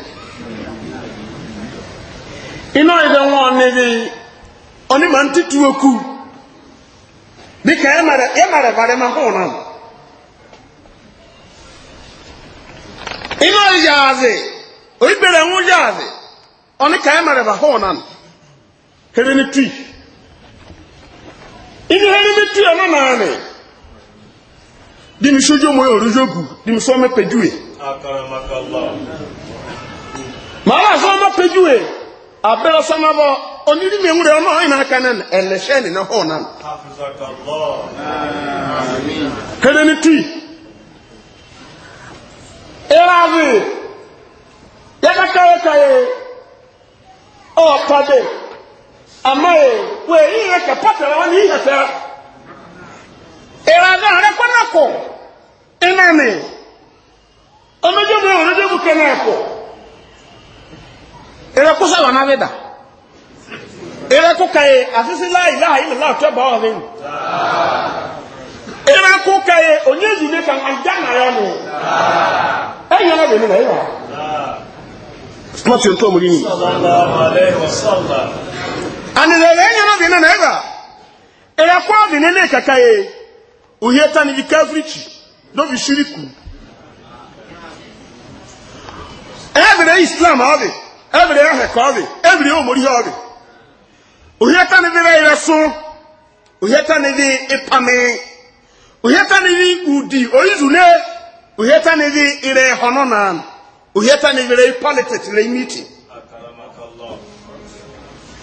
ịnọ ebe nwa ni ntutu ma ń títú okú bí ká ẹ má rẹ̀ bàrẹ̀ máa hùn náà inú ẹ̀yà àzẹ̀ orígbèrè ń yà àzẹ̀ ọní ká ẹ má rẹ̀ bà hùn náà kéré ní tùì inú ẹni abẹ́rẹ́ sọ́mọ́bọ̀ na ewúrẹ́ ọmọ ọ̀hìn na kan na ẹ̀lẹ́ṣẹ́ nínú hàn náà. kéde ní tì ya yẹ́ká káyékáyé ọ̀pàdé àmọ́yé wò èyí yẹn kẹ pọ́tẹ̀rẹ̀ wọn ní yíyẹ fẹ́. ìrànwì àrẹ kọ́nà kọ̀ ìnáni ọmọdé akụ. ẹ̀rẹ́kú sáwà náà mẹ́ta ẹ̀rẹ́kú kàyé àṣíṣí láìláà ìlàlá ọ̀tọ́ bá ọ̀rẹ́ nù ẹ̀rẹ́kú onye ònyéjì ní kan na nàrẹ́ nù ẹ̀yìn ọ̀rẹ́ nù lẹ́yìn wà. mọ́tì ohun tó mú yín. ànìlẹ̀lẹ̀ ẹ̀yìn ọ̀rẹ́ nù lẹ́yìn wà. ẹ̀rẹ́kú ọ̀dì nílé kàkà yé òye tani yìí kẹ́fìrìkì lóbi ṣíríkù. ẹ̀ẹ́dẹ̀rẹ̀ islam ọ̀dì. every ehe kɔɔbi every omori hɔɔbi ohiata ọ bi bɛ yɛ so ohiata ni bi ipami ohiata ni bi udi oyizule ohiata ni bi ire hɔnɔnan ohiata ni bi ire politics ire miti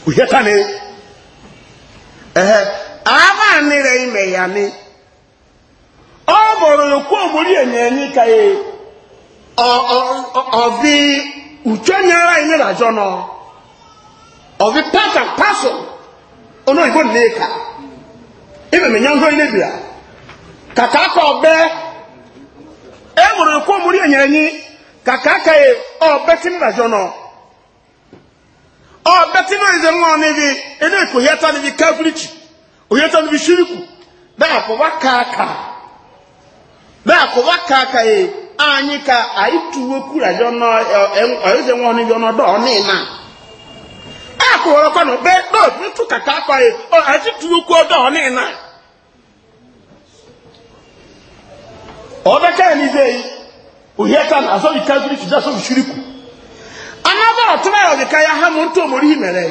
ohiata ni ọ ka ọ ọ ọ utwenyara anyị na jono of the part and parcel ono ibo neka ibe ka e emuru ko kaka ka e obe tin na jono obe tin na ize nwa ne bi ene ko yeta ne bi kafrichi oyeta ata dị shiriku na-akụba ka aka na-akụba ka aka anyị ka anyị tuwe kwurazi ọnụeze nwa ọnụ ọnọdụ ọnịna akwụrọkwa na obe n'obi ntụ kaka akwaghị anyị tuwekwu ọdọ ọnịna ọdọ kaị n'ize yi uhie ka na azọ ike azụ ichizi asọ shiriku anabọ ọtụrụ ya ọdịka ya ha mụ ntụ omori mere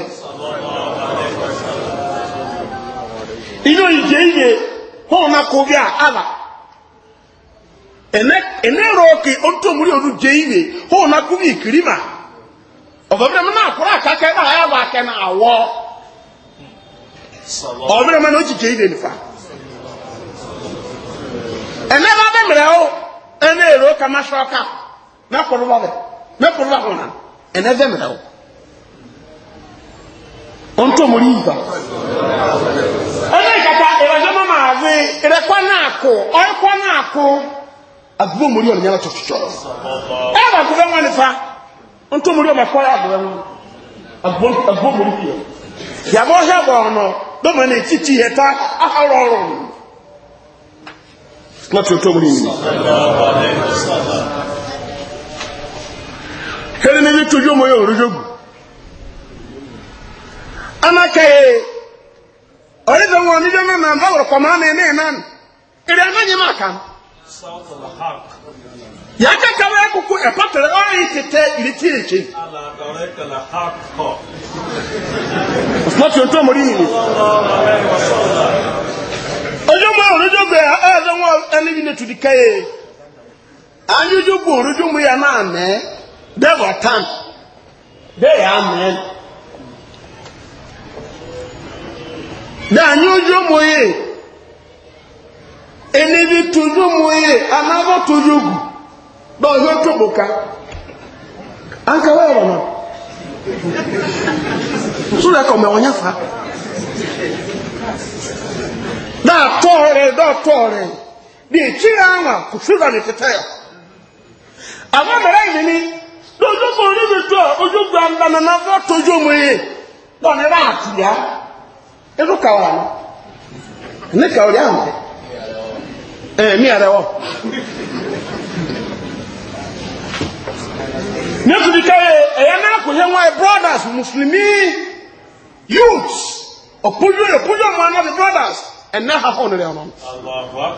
ihe oyije ihe hụ na kụbịa ala enero oke ontomuri onu jeibe ho na kubi kirima ọbọbịrị m na-akwụrụ aka aka na ya bụ aka na awọ ọbịrị m na oji jeibe nfa enero abịa mere ọ enero ka masị ọka na kwụrụ ọbịa na kwụrụ ọbịa na enero mere ọ ontomuri iba onye kata ịrọjọ mama azị ịrịkwa na-akụ ọrịkwa na-akụ agbó mori ọ̀nà yàrá tuntun ebe ẹ bá gbogbo ẹwọn mori ọmọ ẹ̀kọ́ yàgbọ́ ẹwọn mori fi yẹ yàgbọ́ ọ̀hẹ́ bọ̀ ọ̀nà lọ́mọ ní títí yẹ ta ahọ́rọ̀ ọ̀rọ̀ láti ọ̀tọ́ mori yìí. kẹ́lẹ́ ní ní yakakaba ekoko ɛpɔtɔrɔ ɔyɛ ikete ireti ekye ɔsɔtɔ ntɔ mori yi ojúmọ orojúgbẹ ẹẹdẹwọ ẹni bi netu di kẹyẹ anyujugbo orojúgbẹ yẹ náà mẹ tán enebi tuju muye anaba tuju gu dɔwɔhɛ toboka an ka wɛrɛ ma sura kɔmɛ wɔnyɛ fa daa tɔɔrɛ dɔɔ tɔɔrɛ deɛ kyiri aŋa kò sura ne tete yɛ ama mɛrɛ yi ni tuju mu ni bi tɔ ojú gbanda tuju b'a tuya ne ya ẹ̀mí ẹ̀rẹ̀ wọ. nítorí káyé ẹ̀yẹ náà kò yẹ wọn ẹ̀ brothers mùsùlùmí youths ọ̀pọ̀jù ọ̀pọ̀jù ọmọ ẹ̀ náà the brothers ẹ̀ náà ha hàn rẹ̀ ọ̀nà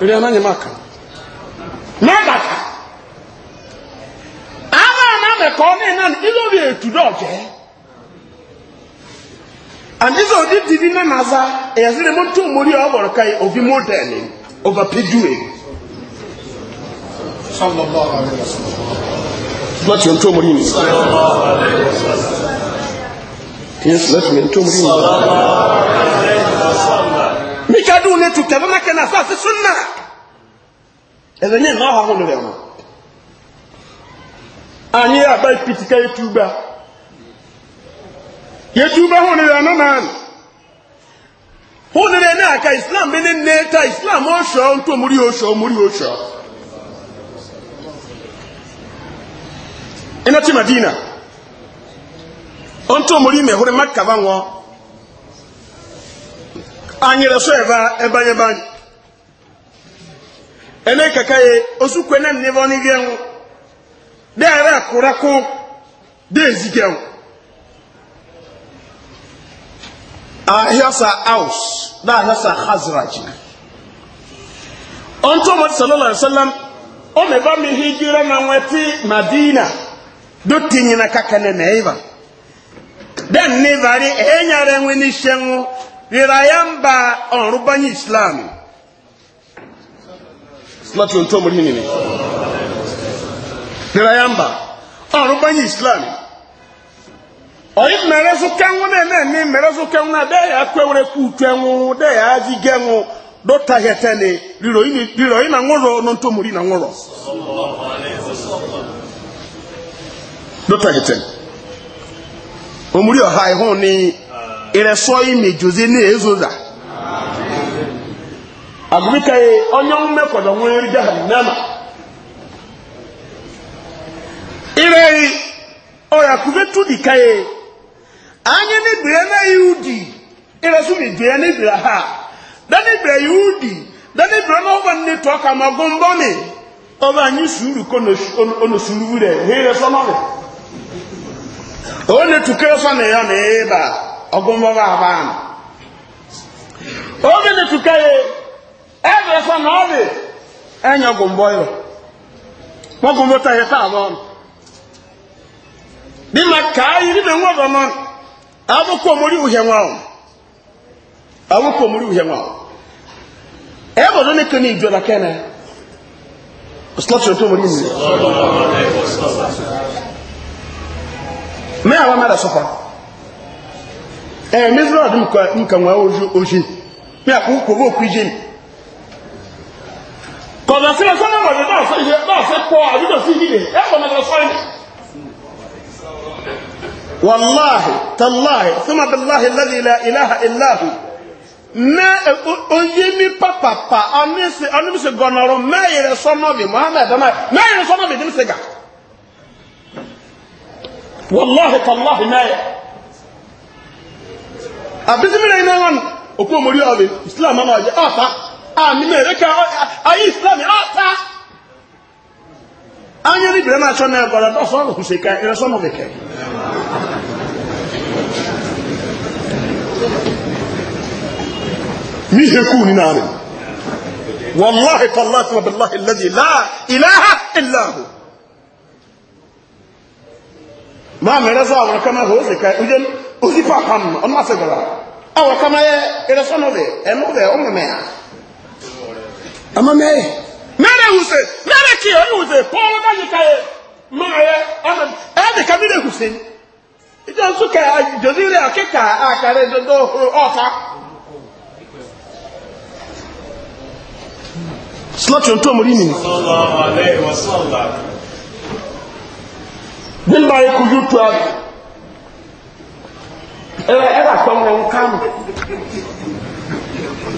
rẹ̀ ọ̀nà yẹn máa kàn náà bàtà àwọn àná mẹ̀kọ́ ní iná ilé and this is the didi nana za ẹ̀yẹ́sì ni mo tún mo rí ọ̀bọ̀rọ̀ káyé òfin mo dẹ̀ ọbapẹjuwe lọtí o ntọ́ mọ́rí ni yes lọtí o ntọ́ mọ́rí ni mikadu ne tu tẹ̀lé mẹ́kẹ́ náà sáà sí súnà ẹ̀rẹ̀ ní ìmọ̀ àwọn ọmọ rẹ̀ wọn anyị abẹ́ pìtìkà yẹtùbà yẹtùbà hùn rẹ̀ náà náà hụ nene na aka islam mene nne ta islam ọshọ ntụ omuri ọshọ omuri ọshọ ina ti madina ntụ omuri me hụrụ maka ba nwọ anyị resọ ebe ebe anyị banyị ene kaka ye osu kwe na nnebe ọnụ ihe nwụ dị ara dị ezige nwụ ahịọsa aus na ahịọsa hazraj ọntụ ọmọdụ sallallahu alaihi wasallam ọ meba m ihe ijira na nwetị madina do tinyina kakane na ịba den ne vari enyara enwe n'ishe nwụ rịra ya mba ọrụbanye islam slọtụ ntụ ọmọdụ ihe niile rịra ya mba ọrụbanye islam oyi mere zụta enwu na-eme mere zụta enwu na de akwere kwewere kwutu enwu de ya azige enwu dota hetene riro ina nwụrụ n'ntomori na nwụrụ dota hetene omori ọha ihu ni Ire ịresọ imi jozi na-ezoza agụbika onye mmekwado nwere nri jahannama ire ọya kube tu dị ka ya anyị n'ibire na yudi ịresụ n'ibire n'ibire ha danibire yudi danibire na ọgba nne tụọ ka ma gụ mbọ mi ọba anyị suru ka suru rẹ ha ịresọ n'ọrụ o ne tuke sọ na ya na ịba ọgụ mbọ ba aba ahụ oge ne tuke ebe sọ na ọrụ enye ọgụ mbọ ya ọgụ mbọ taa ya taa abụọ dị ma ka anyị rịbe nwa ọgọ n'ọrụ aboko muri uhemwa aboko muri uhemwa ebo do ne kani ijo da kana uslatu to muri ni me awa mara sofa eh mizro dum ka nka wa oju oji me aku ko bo ku je ko da sira sona wa da so je da se ko abi do si ni e ko na da so والله تالله ثم بالله الذي لا إله إلا هو ما أيمي بابا با أنيس مش غنارو ما يرسونا بي محمد ما ما يرسونا بي دم سجع والله تالله ما أبزم لنا نوان أكو مريو أبي إسلام أنا أجي أفا آمين لك أي إسلام أفا أنا ربنا شو نقول أصلا هو شيء كائن رسوله بكائن mi heku ni naani wallahi tallahi wa billahi alladhi la ilaha illa hu ma me rasa awon kama ho se kai ujen usi pa pam on ma se gara awon kama ye ere so no be e no be o me me ama me mere huse mere ki o huse po da ni kai ma ye ama e de kamile hussein ìjọ súnkẹ ìjòsílẹ̀ àkíkà àkàrẹ ìdòdó ọ̀fà slọ́tí tó ahụ rí nìí nígbà ikú yútu àbí ẹ̀rẹ̀ ẹ̀rẹ̀ àpọ̀mọ̀ nkánu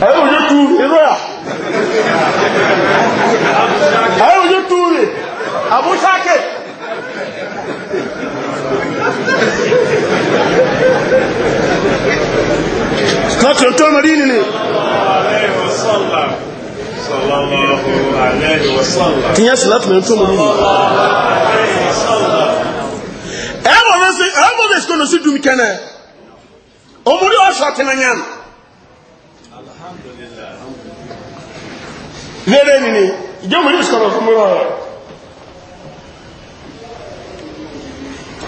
ẹ̀rẹ̀ òyútu irú à ẹ̀rẹ̀ òyútu rẹ̀ láti ọjọ́ mọ̀rí nìní tí yẹ́ sí láti mẹ́rin tó mọ̀rí nìní ẹwọ́n rẹ̀ sí ọ̀nà sí dùn kẹ́nẹ̀ omúrí ọ̀ṣọ́ ti na yẹn lẹ́rẹ̀ nìní ìjẹ́ mọ̀rí ìṣọ́rọ̀ fún mọ́rọ̀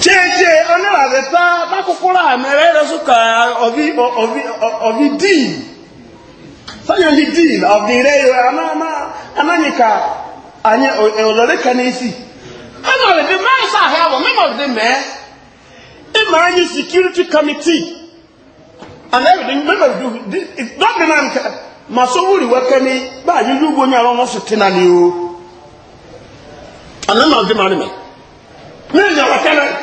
kyekye onirabɛ paa a amɛrɛ yɛrɛ so kaa ɔbi ɔbi ɔbi diin ka anyị ɔlɔri e, ka n'isi ɛna ɔlɛ bi mɛ ɛsɛ ahɛ awɔ mɛma ɔdi mɛ security committee ana ɛbi di mɛma ɔdi di ma so wuli wɛkɛ ni baaji du bo nyɛ ana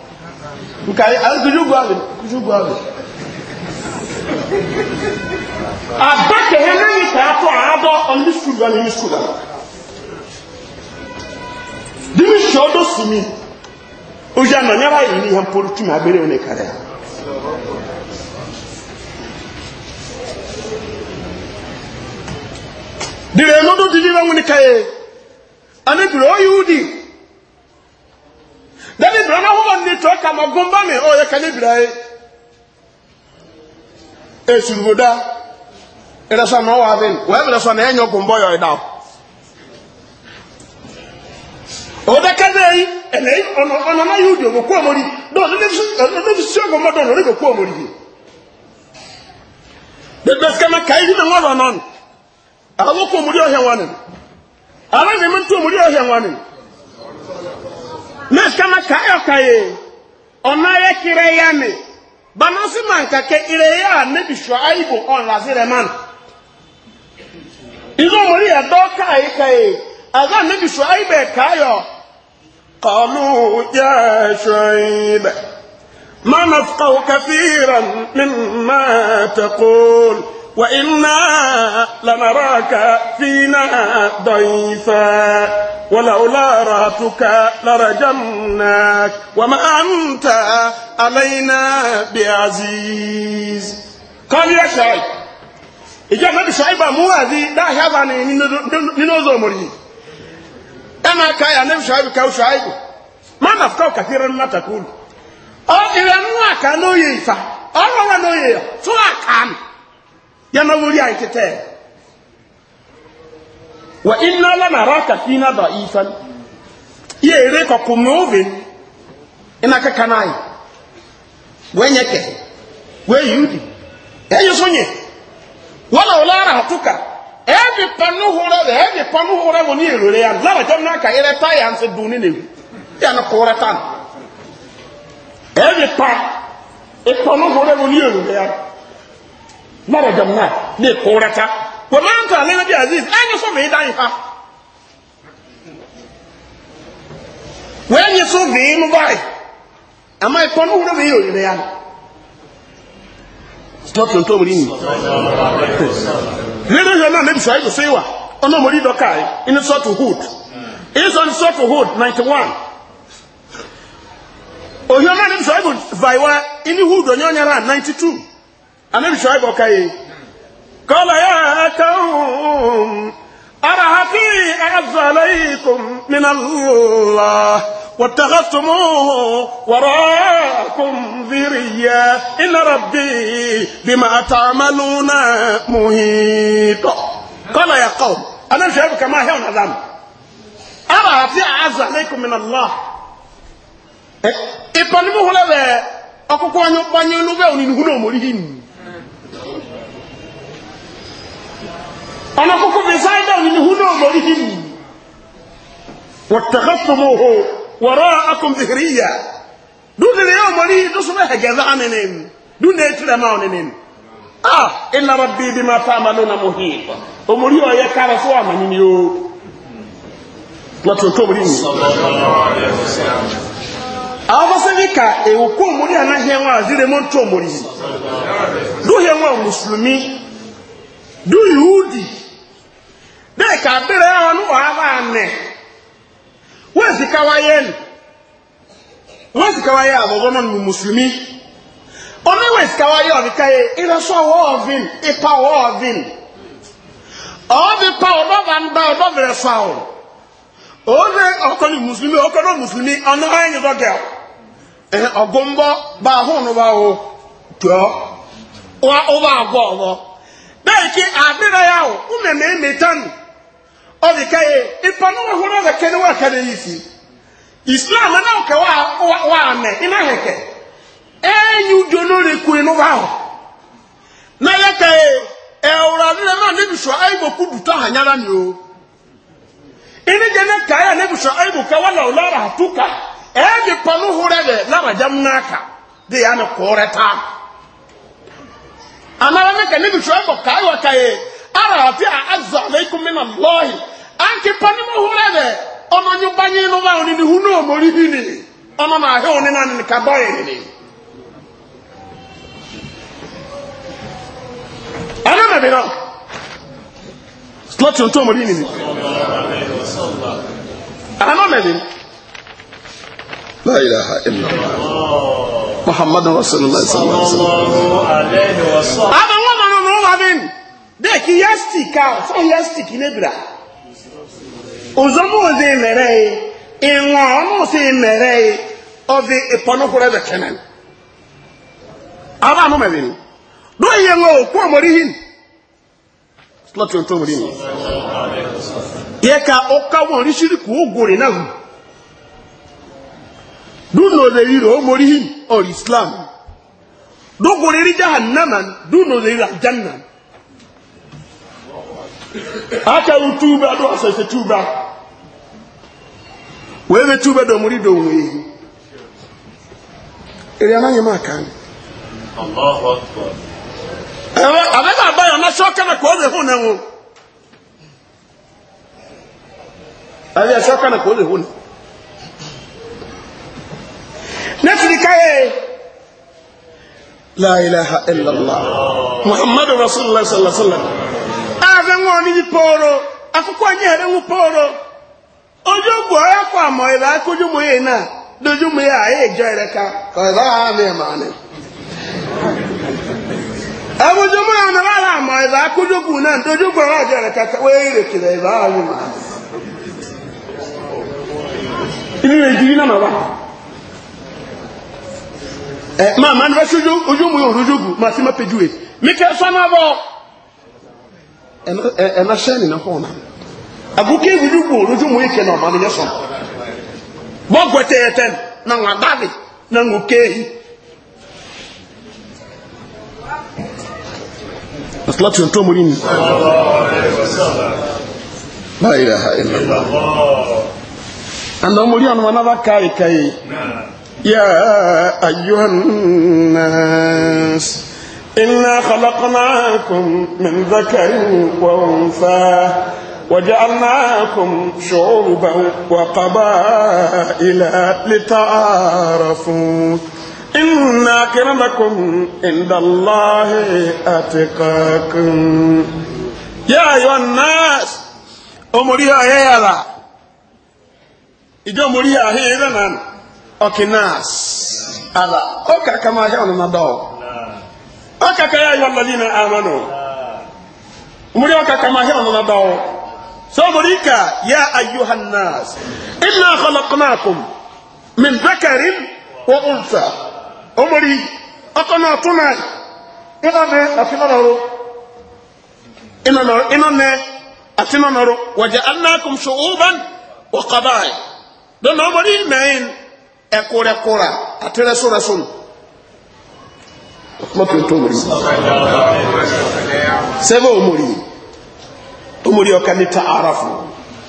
nke anyị kụjugwu alị kụjugwu alị abakehe naghị ka atụ abọ ndị skuulu anyị ndị skuulu anyị si ọdọ si mi ozi anọ nyara anyị n'ihe mkpụrụ tu na onye karịa dịrị dị ka ụdị dani bìrọ náà wọ́n ní tọ́ kàmọ́ gúnbá mi ya yẹ kàní bìrọ yẹ esuruboda ìrẹsọ náà wà bẹ́ẹ̀ wọ́n bẹ̀rẹ̀ sọ náà ẹ̀yọ gúnbọ̀ yọ̀ ẹ̀dá o da kẹ́sẹ̀ yìí ẹ̀lẹ́ ọ̀nà ọ̀nà náà yóò di ògò kú ọmọ sí ọmọ gbẹgbẹ àwọn wọn ni àwọn ènìyàn tó meskama kayokaye onaye kireyame banasi mankake ireya nebi shuaibu onlazire man izo mori edo kaye kaye aga nebi shuaibu e kayo قالوا يا شعيب ما نفقه كثيرا مما وإنا لنراك فينا ضيفا ولولا راتك لرجمناك وما أنت علينا بعزيز قال يا شعيب إجا نبي شعيب موادي دا ياباني ننوزو مري أنا كايا نبي شعيب كاو شعيب ما نفتو كثيرا ما تقول أو إذا نواك نويفا أو نويفا سواء كان yana wuri a ita ta wa inna lana raka fina da ifan iya ere ka kuma ofe ina ka kana yi wen yake wen yudi ya e yi sunye wala wala hatuka. ebi panu hore da ebi panu hore wani erore ya zara jam naka ire ta ya nse duni ne ya na kore tan ebi pa ipanu e hore wani erore ya mara na. ne korata wa ma anta na bi aziz an yi so me dan ha wa yi so ve mu bai amma ko no wuro me yo ne ya stop no to muri ni lero na ne bi sai so yiwa ono muri do kai in so to hood is on so to hood 91 oyo na ne bi sai bo vai wa in hood onyo ninety two anabi shuaib ọkaye kọla ya kawun ara hafi azalaikum min allah واتخذتموه وراءكم ذريا إن ربي بما تعملون محيط قال يا قوم أنا مش عارف كما هي ونظام أرى في أعز عليكم من الله إيه إيه بانمو هلا بأكوكو أنيو بانيو لبأ وننهو نومو لهم ọ̀nà kókó fi sáyidá òní ni húnà ọ̀mọ̀rí hìm wọ̀tẹ̀kẹ́sọ̀mọ̀hó wọ̀rọ̀ akọ̀mùsìkìrìyà dúdìrì yóò mọ̀rí dúsùnmọ̀ ẹ̀gẹ̀dá nínú dúdìrì ètùrẹ̀ máa nínú ah iná bá bí bí máa fà máa lónà mọ̀hìn ọmọrí ọ̀yẹ kára fún àmà nínú yóò lọ́tí òtó mọ̀rí mi. àwọn bá sẹ́yìn ka èwù kó ọmọrí ànáhìn wọn àzírẹ́ dịka adịrị ọnụ ọhaba anị wezikawaye wezikawaye abụbọnọ nụ musulmi onye wezikawaye ọdịkaye ịrasọ wọọvin ịpa wọọvin ọdịpa ọdọba nda ọdọbere saụ onye ọkọlị musulmi ọkọlị musulmi ọnụ anyị dọgịa ọgụmbọ ba ahụ n'ụba ahụ tụọ ụba agwọ ọgwọ dịka adịrị ya ahụ ụmụ na-emeta nụ Ọ dị ka ya ịpa n'ụwa hụrụ ọdị ka ịwa aka isi islam na nke wa ame ịna heke enyi ujo n'ori kwu ịnụba ahụ na ya ka ya ewura adịrị na nebisọ aịbụ kwu duto ha nyara mi o ịnịje na ka ya nebisọ kawa na wala ụlọra atụ ka ebi panu hụrụ ebe labaja m n'aka dị ya na kụọrọ taa amara na ka nebisọ aịbụ ka ịwa ka ya e, ara ati a azụ alaikum minam lọhi anke pani mo hore de ono nyu banyi no ba oni ni huno mo ri hini ono na he oni na ni ka boy ni ana na biro slot on to mo ri ni ana na ni لا إله إلا الله محمد رسول الله صلى الله عليه وسلم هذا هو من هو من ده كيستيكا سو يستيك ozomuze mere ịṅụ ọmụsị e mere ọdị ịpọnụkwụrụ ebe kenan aba anụ mere do ihe nwa okwu omori hin slọtị ntụ omori hin ihe ka ụka nwere shiri ka ụgwụrị na hụ duno de iro omori hin or islam dogwụrị ri jahannama duno de iri jannam aka utuba do asese tuba wewe tu bado mulido mwehi ili ananye makani Allahu akbar ewe abeba abayo nashoka na na kuoze hune mu abeba ashoka na na kuoze hune nesirikaye la ilaha illa allah muhammadu rasulullah sallallahu alaihi wasallam ave ngoni ni poro akukwanyehere mu poro ojú bu ọyá kọ àmọ ìlà akójúmọ yìí náà lójúmọ yìí àyè ìjọ rẹ ká kọ ìlà mi ẹ̀ máa ní. ẹ̀wùjọmọ yà nàrà àlà àmọ ìlà akójúmọ náà ká ìlà rẹ̀ ìdílé náà ẹ máa máa ní bá ṣojú ojú mu rojú máa pejú mi kẹ́ abuke wuli bu oloju mu ike na ọmọnìyẹ sọ bọgwẹtẹ ẹtẹ na nwa dali na nwa okehi. asalatu ntọ́ mo rí mi. báyìí rẹ̀ ha ẹ̀ lọ. àná mo rí àwọn ọmọ náà bá ká ìka yìí. يا أيها الناس إنا خلقناكم من ذكر وأنثى وجعلناكم شعوبا وقبائل لتعارفوا إن أكرمكم عند الله أتقاكم يا أيها الناس أمريها يا إذا أمريها هي إذا أوكي ناس ألا أوكا كما يقولون ندعو أوكا يا أيها الذين آمنوا أمريها كما يقولون ندعو صبرك يا أيها الناس إنا خلقناكم من ذكر وأنثى أمري تنا إنا أتنا نرو إنا نرو إنا أتنا نرو وجعلناكم شعوبا وقبائل دون أمري مين أكورا كورا أتنا سورة سورة ما في تومري سبع أمري omori ọka ni ta arafu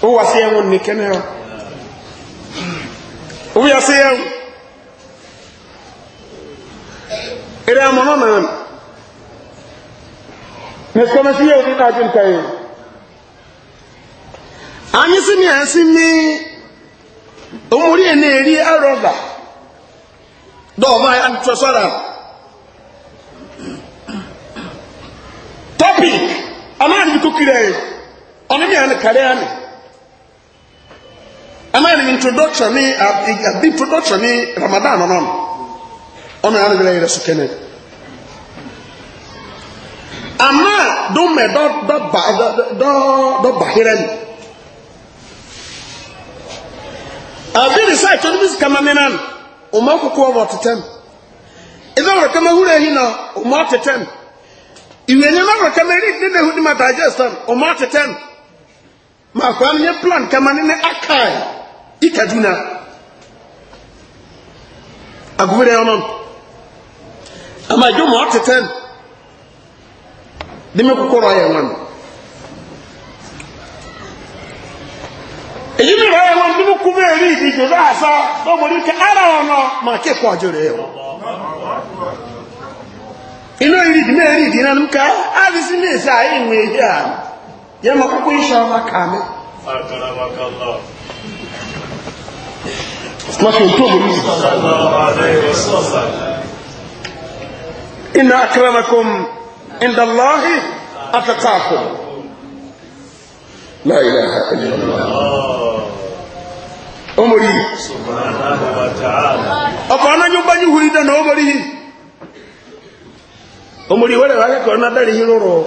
o wa se yẹn ni kẹne ọ o ya se yẹn eré amọ̀nà náà ní sọmọsí yẹn ní náà dúnkà yẹn anyi si ni ansi mi omori yẹn na-eri arọba dọọba antwasọra topic amaani bi kukiri yẹn ɔno deɛ ne kare ame ama ne introduction ne abi introduction ne ramadan no no ɔno ano de yɛrɛ so kɛnɛ ama do mɛ dɔ dɔ abi ne sɛ ɛtɔ ne bi sika ma mɛ nan ɔmo akoko ɔmo ɔtetɛm ɛdɛ wɔrɔ kama wura yi na ɔmo ɔtetɛm ìwé ní ɛmɛ kama ɛdi ne ne hu ni ma digest ɔmo ɔtetɛm. ma kwa nye plan kama nene akai ikaduna agubire yonon ama jo mo teten dimi ko koro ya wan eyi mi ya wan dimi ku be ri di jo da sa do mo nke ara ono ma ke ko ajore ino iri di me na nka a bi si sa e yẹn mọ kókó iṣẹ́ ọba kàmi. Lọ́sọ̀ tó bò ní. Iná akérèmẹ́kùn ìdàlọ́hì àtàtàkù. Láyé láyé ẹni ọ̀la. Omori. Ọ̀pọ̀ anájú bá yí huri dáná omori yìí. Omori wẹ́rẹ̀ wáyé kọ̀ọ̀nà dárí yìí rọrọ̀.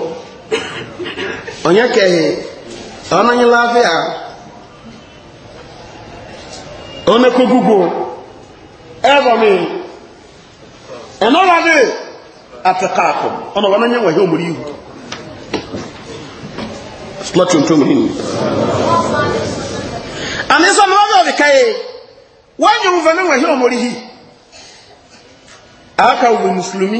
onye keghị ọnanyela afịa onekogugbo ẹbọmi ẹnọladị atịkaakụ ọnọba n'anya nwa ihe ihu slọtụ ntụ ọbịa ọdịkaghị wanyụ mfe na nwa ihe ihu aka uwe musulmi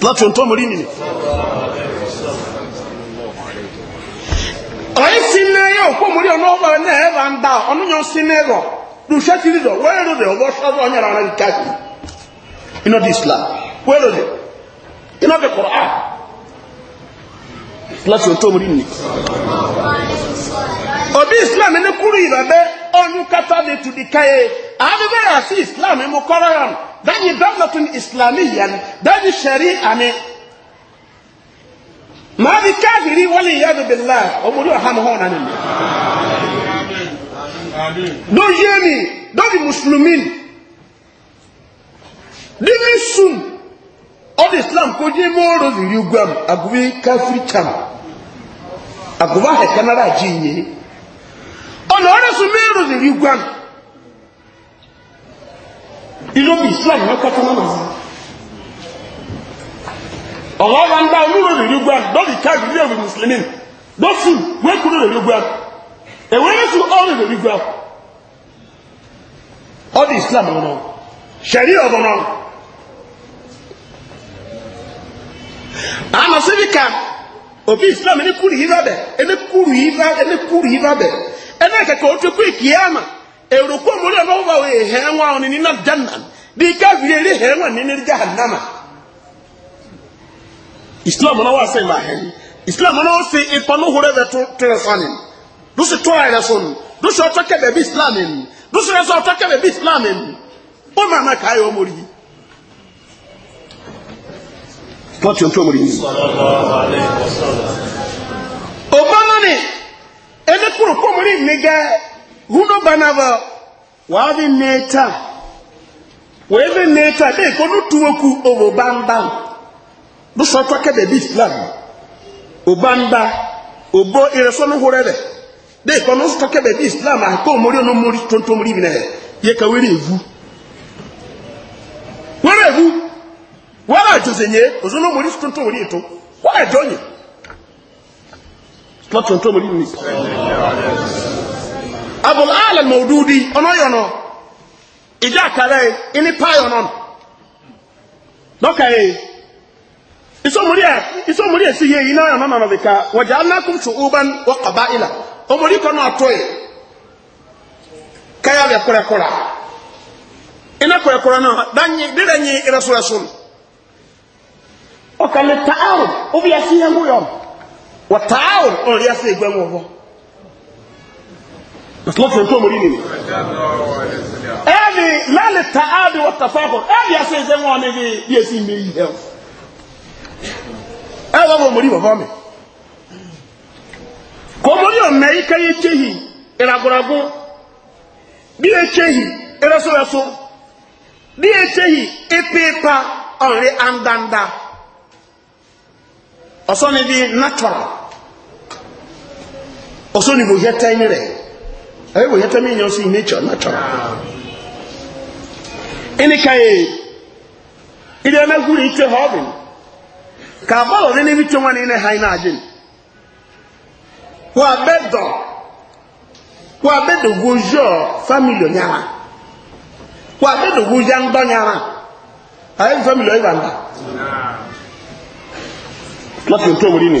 láti ohun tó mọ̀ rí nìyí. ọ̀yẹ́ sí ní ẹyẹ òkú mú rí ọ̀nà ọ̀bà náà ẹ̀ bá ń dá ọ̀nùyàn sí ní ẹ̀rọ lùṣẹ́ ti rí lọ wẹ́rẹ́ rẹ̀ ọ̀bọ̀ ṣọ́ọ̀bọ̀ ọ̀nyàrá rẹ̀ káàkiri iná di islam wẹ́rẹ́ rẹ̀ iná di kọ̀ọ̀á láti ohun tó mọ̀ rí nìyí. ọ̀bí islam ní kúrú ìbàbẹ́ onyu kata de tu di kaye ade be ya si islam mu koran dan yi islami islamiyan dan yi shari'a ne ma bi kafiri wali yadu billah ọha mu do ham hona ne do yemi do di muslimin di mi sun o islam ko je mo ro ziri ugwam agubi kafiri cham aguba he kanara jinyi ọ̀nà ọ̀rẹ́ sùn mẹ́rù lè rí gbàm inú bí islam wọ́n kọ́tà náà mọ̀ ọ̀rọ̀ ọ̀rọ̀ ń dá olúrò lè rí gbàm lọ́dì káàdì ilé ìwé mùsùlùmí lọ́sùn wẹ́kúrò lè rí gbàm èwe lẹ́sù ọ̀rọ̀ lè rí gbàm ọ̀dì islam ọ̀nà ṣẹ̀rí ọ̀nà àmọ̀ síbi kan òbí islam ẹni kúrì yí bá bẹ̀ ẹni kúrì yí bá bẹ̀ ɛnɛ kɛkɛ o tukui kiyama eroko mori ɔmɔ wo ba o ye hɛn wa ɔni nina janna di ka fili eri hɛn wa nina eri jahannama islam ɔna wa se ma hɛn islam ɔna wa se ipanu hore bɛ to tere fani dusu to a yɛrɛ so nu dusu ɔtɔ kɛ bɛbi islam nu dusu yɛrɛ sɔ ɔtɔ kɛ bɛbi islam nu o ma na k'a ye o mori yi tɔɔtɔ tó mori ni ene kuro ko muri nige huno banava wavi neta weve neta de ko nu tuwoku owo bamba du so to kede bi islam obamba obo ireso nu horere de ko nu so kede bi islam a ko muri no muri tonto muri bi ne ye ka were evu were evu wara jozenye ozo no muri tonto muri eto wara jonye lọ́tún tó mọ̀lú ní abúláàlẹ̀ mọ̀dúdí ọ̀nọ́yọ̀nà ìjá àkàrẹ́ iní páyọ̀ náà lọ́kàrẹ́ ìsọmọ̀lú ẹ̀sí yẹ iná ọ̀nà náà nìka wọ̀já anákùn tó uban wọ́kàbá ìlà ọmọdé kan náà tó yẹ káyà rẹ̀ kúrẹ́kúrẹ́ iná kúrẹ́kúrẹ́ náà dídẹ̀ yín ìrẹsùrẹsùn ọ̀kàlẹ̀ tààrù ó fi ẹ̀sí yẹn gúyọ̀nù wataawun ọ̀rọ̀ yá sí ẹgbẹ́ wọn wọ́n lọ́fún tó mọ̀rí nìyí ẹni lálẹ́ tààdì wọ́tàfáàkọ̀ ẹni yá sí wọn bí èsì ìpípa ọ̀rẹ́ àndàndà bí natural ọsọ ni mo yẹ tẹ́yìn rẹ̀ ẹ wò yẹ tẹ́yìn yẹn sí nature natural ẹni káyé ìdí ẹmẹ gúrì ìtẹ họbìn kàbọlọ ní níbi tí wọn ní ilẹ hàn náà jìn wọn abẹ dọ wọn abẹ dọgbọ yọ family ọnyàrá wọn abẹ dọgbọ yọ ndọnyàrá ayé family ọyẹ bàbá láti ntọ́ wọlé ni.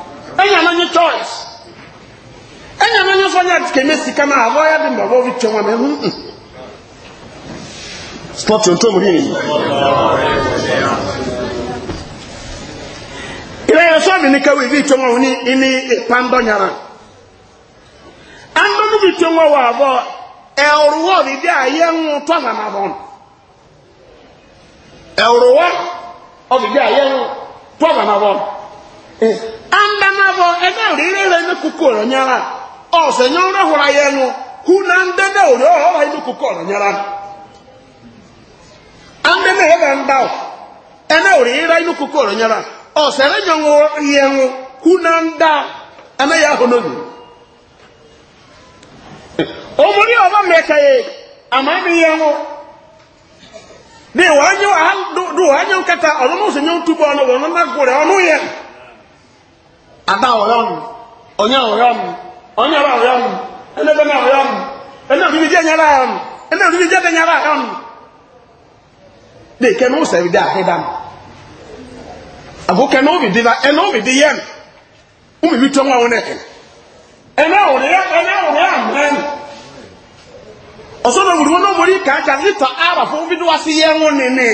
ɛnya no nye choice ɛnya no nye nso nye sika na ya de mbɔbɔ bi twɛn wɔn ɛho n sport ntom ri ni yẹn sọ mi twɛn nyara twɛn abɔ di a yɛn ŋun tɔ bɔn ɔbi a yɛn ŋun tɔ bɔn. andanabɔ ɛna rere rɛ ne koko rɛ nyara ɔsɛ nyɔnrɛ hura yɛ no huna ndɛdɛ o rɛ ɔhɔra ne koko rɛ nyara andɛnɛ yɛ bɛ nda o ɛna rere rɛ ne koko rɛ nyara ɔsɛ rɛ nyɔnrɛ yɛ no huna nda ɛna yɛ ahɔ n'olu omori ɔba mɛka yɛ ama mi yɛ no ne wɔn anyo ahal do wɔn anyo kata ɔno n'osɛ nyɔn tubɔ ɔno wɔn nana gore ɔno yɛ no ada ɔyɔnu ɔnyɛ ɔyɔnu ɔnyɛ ba ɔyɔnu ɛnɛ bɛ na ɔyɔnu ɛnɛ bi bi jɛ nyɛ ba ɔyɔnu ɛnɛ bi bi jɛ bɛ nyɛ ba ɔyɔnu de kɛnɛ o sɛbi de ahe dam abo kɛnɛ o bi di la ɛnɛ o bi di yɛm o bi bi tɔn wa wɔn ɛkɛ ɛnɛ o de yɛ ɛnɛ o de yɛ amɛn ɔsɔ na wuli wɔn n'omori kankan ita ara fo bi do wa si yɛn ŋo nene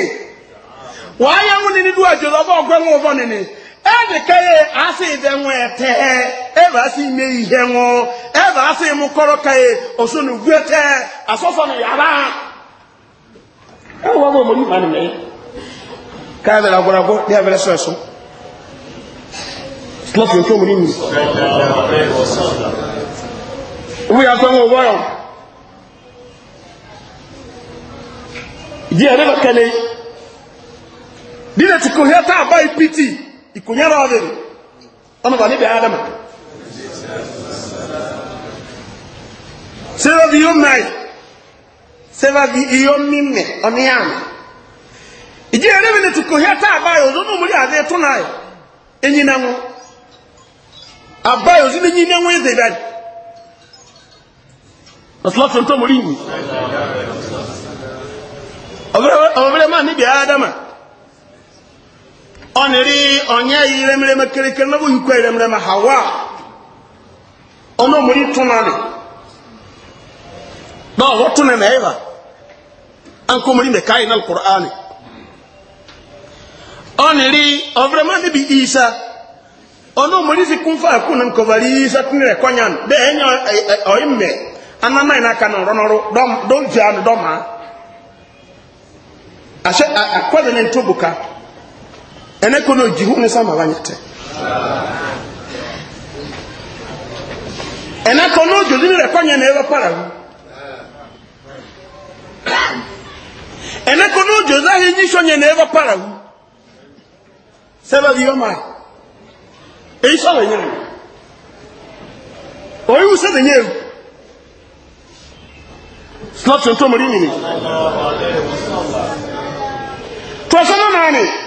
wàá yẹn ŋo nene do àjọyọ̀ bá ọgbẹ́ ŋo bọ́ nene. ebikeye asị dị nwa ete ebe asị ime ihe nwụ ebe asị m kọrọ ka ye osu ete yara ewu ọgbọ omori na ka ya bịara agwara agwọ ya bịara sọ esọ lọfị nke omori ya sọ nwa ya di ya kele di na tukuhịa taa abaghị Pt. ìkònyára ọdẹ rẹ̀ ọmọ bàbá níbi adama sẹ́fà bí yóò máa sẹ́fà bí yóò mímẹ̀ ọmọ yá mi ìdí ẹ̀rẹ́ mi ni ti kònyá tá a báyọ̀ ọdún mú rí adé tó náà ẹ̀yìn ọ̀bẹ̀rẹ̀ máa níbi adama. Oniri onye ya ire mere mekerekere na ụyikwe ire mere ma ha waa ọnụ mụrụ ịtụ narị na ọhụtụ na ma ịba nkụ mụrụ ime na lụkụrụ anị ọnịrị ọbụrụ ma isa ọnụ mụrụ isi kụmfa akụ na nkọbara isa tinyere kwanya bụ enyi e, e, ọyị mme anụ anaghị n'aka na ọrụ n'ọrụ dọm dọm ji anụ dọm ha akwadịrị ka ɛnɛ kɔ n'oji hu ne sama banyɛ tɛ ɛnɛ kɔ n'oji odi ne kɔ nyɛ na ɛbɛ para hu ɛnɛ kɔ n'oji odi ahi nyi sɔ nyɛ na ɛbɛ para hu sɛbɛ bi eyi sɔ bɛ nyɛ o oyi wu sɛ nyɛ o sinɔ tuntun mo di nyini tɔsɔn naani.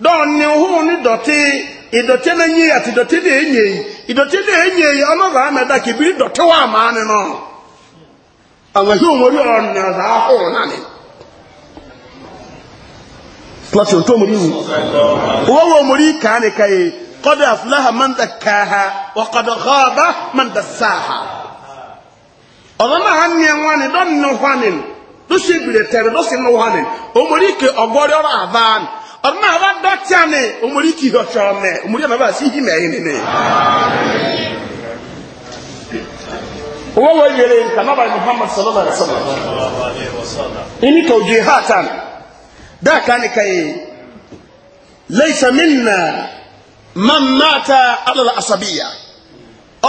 dɔn ne ho ne dɔte idɔte na nye ati dɔte na enye yi idɔte na enye yi ɔno ba ama da kibiri dɔte wa maa ne no awahi omori ɔne ɔza ahoro na ne plasi otu omori wu wɔwɔ omori kaa ne ka ye kɔdɔ afulaha manda kaaha wa kɔdɔ manda man da saaha ɔno na ha nye nwa ne dɔn ne hwa ne do se bire tɛre do se ne hwa ne omori ke ɔgɔri ɔra avaa ọdún àwọn dọ́tíà ni omori kì í dọ́tíà ọmọ ẹ omori àbábà sí ìhìmẹ̀ ẹ̀yìn nínú ẹ̀. owó wo yẹlẹ kanaba muhammad sallallahu alaihi wa sallam ini ka ojú ha tan dáa ká ni ka yìí lẹ́sẹ̀ mi nà man mata alala asabiya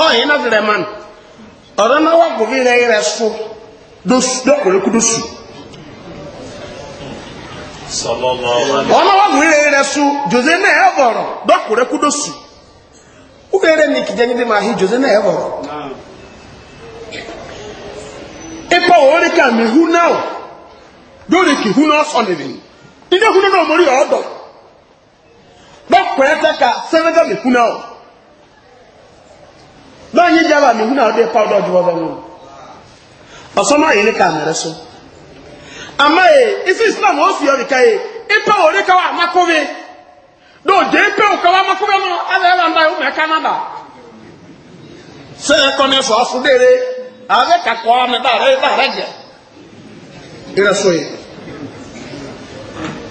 ọ yìí náà fẹrẹ man ọ̀rọ̀ náà wà gòbí yẹrẹ sọ dọ́kùnrin kúdọ̀sù ọlọ́wọ́gùn rere rẹ su jose náà ẹ bọ̀rọ̀ dọ́kùnrin kúdó su wúrere ní kìjẹ́ níbi máa hi jose náà ẹ bọ̀rọ̀ ipa òórí ká mi hu náà lórí kì hu náà sọ nìyí ilé hu náà mórí ọ̀ọ́dọ̀ dọ́kùnrin tẹ́ ka sẹ́nẹ́gà mi hu náà lọ́yìn jábà mi hu náà dé pa ọ̀dọ̀ ọ̀dọ̀ ọ̀dọ̀ wọn ọ̀sán náà yìí ní ká mi ama ye isi islam o fiyɔ nika ye ipe o de kawa amakobe do je ipe o kawa amakobe no ala yɛlɛ nda yi o mɛ kanada sɛ kɔni sɔ ɔfu deere a bɛ ka kɔ ɔmɛ ba yɛrɛ ba yɛrɛ jɛ yɛrɛ so ye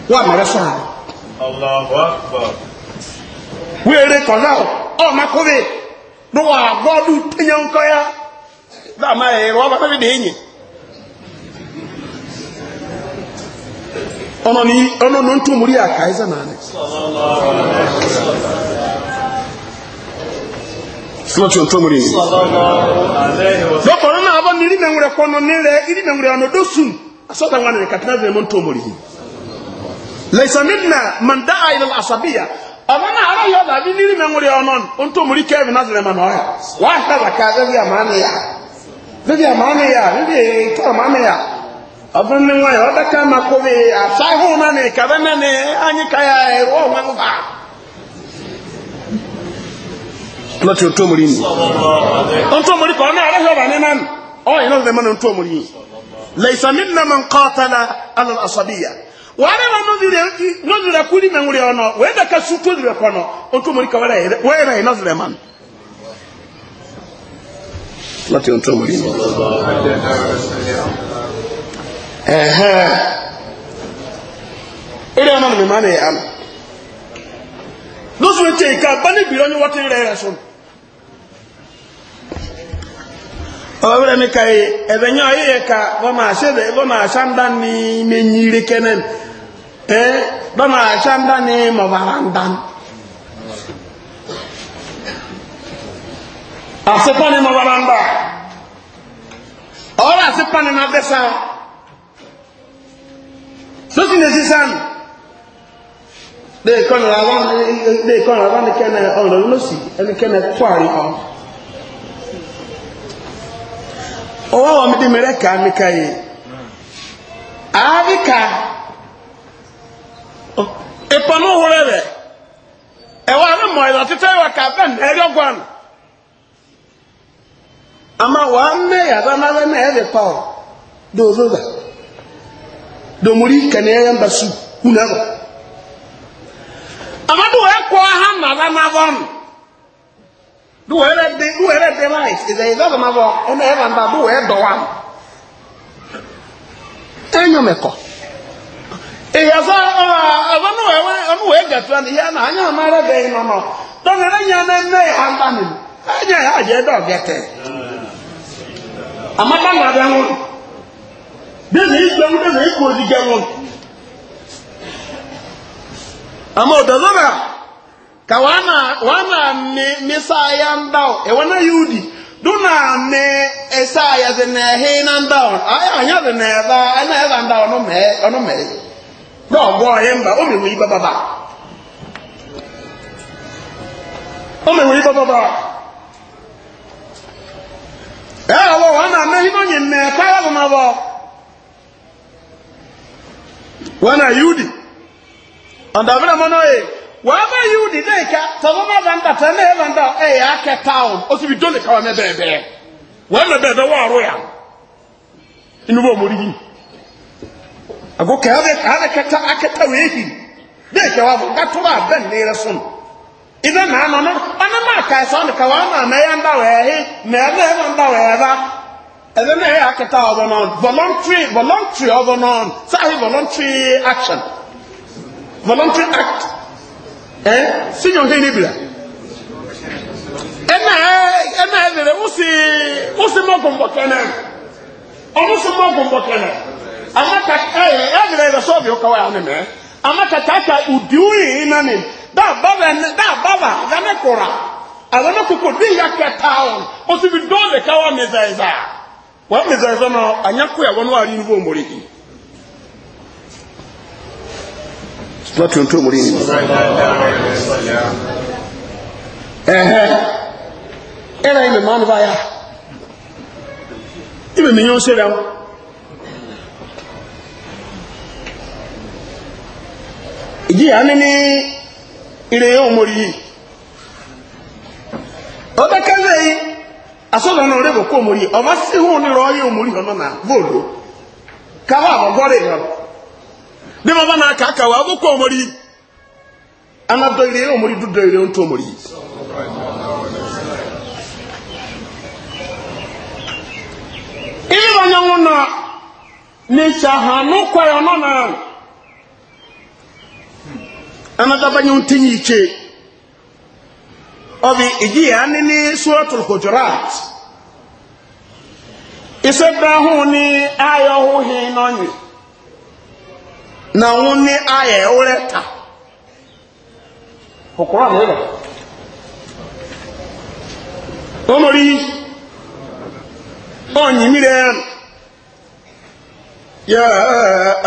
wa mɛrɛ fa wéere kɔnɔ ɔ makobe do wa gbɔdu tɛnyɛ nkɔya dama ye rɔba bɛ de yen. ọ̀nà na ọ̀nà ló ń tún múrí àkàíza náà na sinatun tó múrí ni lọ́kọ̀ọ́nà náà bọ́ ní irí mẹ́wúrẹ́ kọ́nà nílẹ̀ na mẹ́wúrẹ́ ọ̀nà dọ́sùn asọ́ta wà nílẹ̀ kàtàkì ya tó múrí yìí lẹ́sàmínà mọ̀ndá àìlẹ̀ àsàbíyà ma n'ọhịa. ọdún ní wọn yọ ọdẹka mako bi asahun náà ni kẹfẹ náà ni anyikaya ẹwọ wọn ń bá. lọ́tí o tó mori ni o tó mori kọ́ ọ́ náà ẹ̀rọ ìwà ní nánu ọ́ yìí náà lè mọ́nà o tó mori yìí lẹ́sàn mi nà mọ̀ nkọ́ tala alọ́ asọ́bíyà wàhálà wọn nọ́ọ̀dù rẹ̀ kúrì mẹ́wù rẹ̀ ọ̀nà wẹ́ẹ́ dẹ́ka sùn tó rẹ̀ kọ́ nọ o tó mori kọ́ wẹ́ẹ́ rẹ̀ yìí náà lè mọ́nà lọ́tí o tó ni. ɛhɛɛ ama yɛn nanu ma na yɛ ano lɔsɔ ekyɛ ka ba ne biro ne wɔte rɛ so ka ka na menyiri kɛnɛn ɛɛ bɔna ahyɛ ndan ni mɔbara ndan asepa ni na bɛsa. lọ́sìn lè sísá nù lẹ́ẹ̀kọ́nà àwọn ẹnikẹ́nà ọ̀rọ̀ lọ́sì ẹnikẹ́nà kwari ọ ọwọ́ wọn mi di mẹrẹ ká mi ká yìí àáríkà ìpọnú wúrẹ rẹ ẹwà rẹ mọ ìlà títẹ ìwà kàfẹ nẹẹrẹ ọgbọn àmà wàá mẹyà dáná rẹ náà ẹ lè pa ọ dòdò domori kene ya mba su una ba amadu e ha na ba ma bon du ere dị du ere ma bon ona e mba bụ e dọwa wa enyo me ko e ya za aba na anya amara dị de nọ nya na ha mba anya gete dẹ́sẹ̀ ìgbẹ́ mú dẹ́sẹ̀ ìkò òdìjẹ wọn àmọ́ ọ̀dọ̀lọ́rà ka wàá náà ní ya ń dá ọ ẹ̀wọ́n náà yóò dì dúnà ní ẹ̀sà ya sì nà ẹ̀hẹ́ iná na dá ọ ayé àyà sì nà ẹ̀dá ẹ̀nà ẹ̀dá ń dá ọ ọ̀nà mẹ́ẹ̀ náà wana yudi anda vile mwana ye waba yudi deka tazama zanda tene evanda e ya ke town osi bidole kawa mebebe wame bebe wa roya inubo muri ago ke ave ave kata akata wehi deka wa vuga tuba ben ne rasun ina na no no ana ma ka so ne kawa na na yanda wehi me na yanda wehi ɛdɛ ne ɛyɛ akɛta ɔbɔ nɔn voluntary voluntary ɔbɔ nɔn sáyé voluntary action voluntary act ɛn sinyi ɔhɛn ni bira ɛna ɛna ɛdɛdɛ wusi wusi mɔ gɔnbɔ kɛnɛ ɔwusi mɔ gɔnbɔ kɛnɛ ama ka ɛyɛ eh, ɛdɛdɛ eh, ɛdɛ eh, sɔbi ɔkawa yɛ anamɛ ama ka ta ka udiwi nani daa baba ɛnɛ daa baba ɛdɛ ne kora ɛdɛ ne koko di ya kɛta ɔn ɔsi bi dɔɔ de kawa ne zɛzɛ. wamezanza na anyako ya wanu ali nvo muliki watu ntu era ime baya ime minyonse leo iji anini asọ́dọ̀ náà rẹ̀ kó omori ọmọ sí hùn ní rọ́ọ̀yẹ́ omori ọ̀nà náà bóòlù káwọ́ àbọ̀gọ́rẹ̀ yọ̀ bí wọ́n bá náà kà kàwọ́ àbó kó omori anadọ̀ ire omori dúdọ̀ ire ń tó omori. ilé wọn yẹn wọn náà ní sàhánú kọ́ ẹ̀ ọ̀nà náà anadọ̀ bá yẹn ń tẹ́yìn ìkye. ọbi ìjì anị ni ní suratul hujurat ìsẹ́gbẹ́hù ni ayọ̀hù na wọn ní ayẹ̀ ẹ̀wọ́rẹ́ ta kòkòrò àmì rẹ̀ wọ́n mọ̀ rí ọ̀nyìn mi Ya na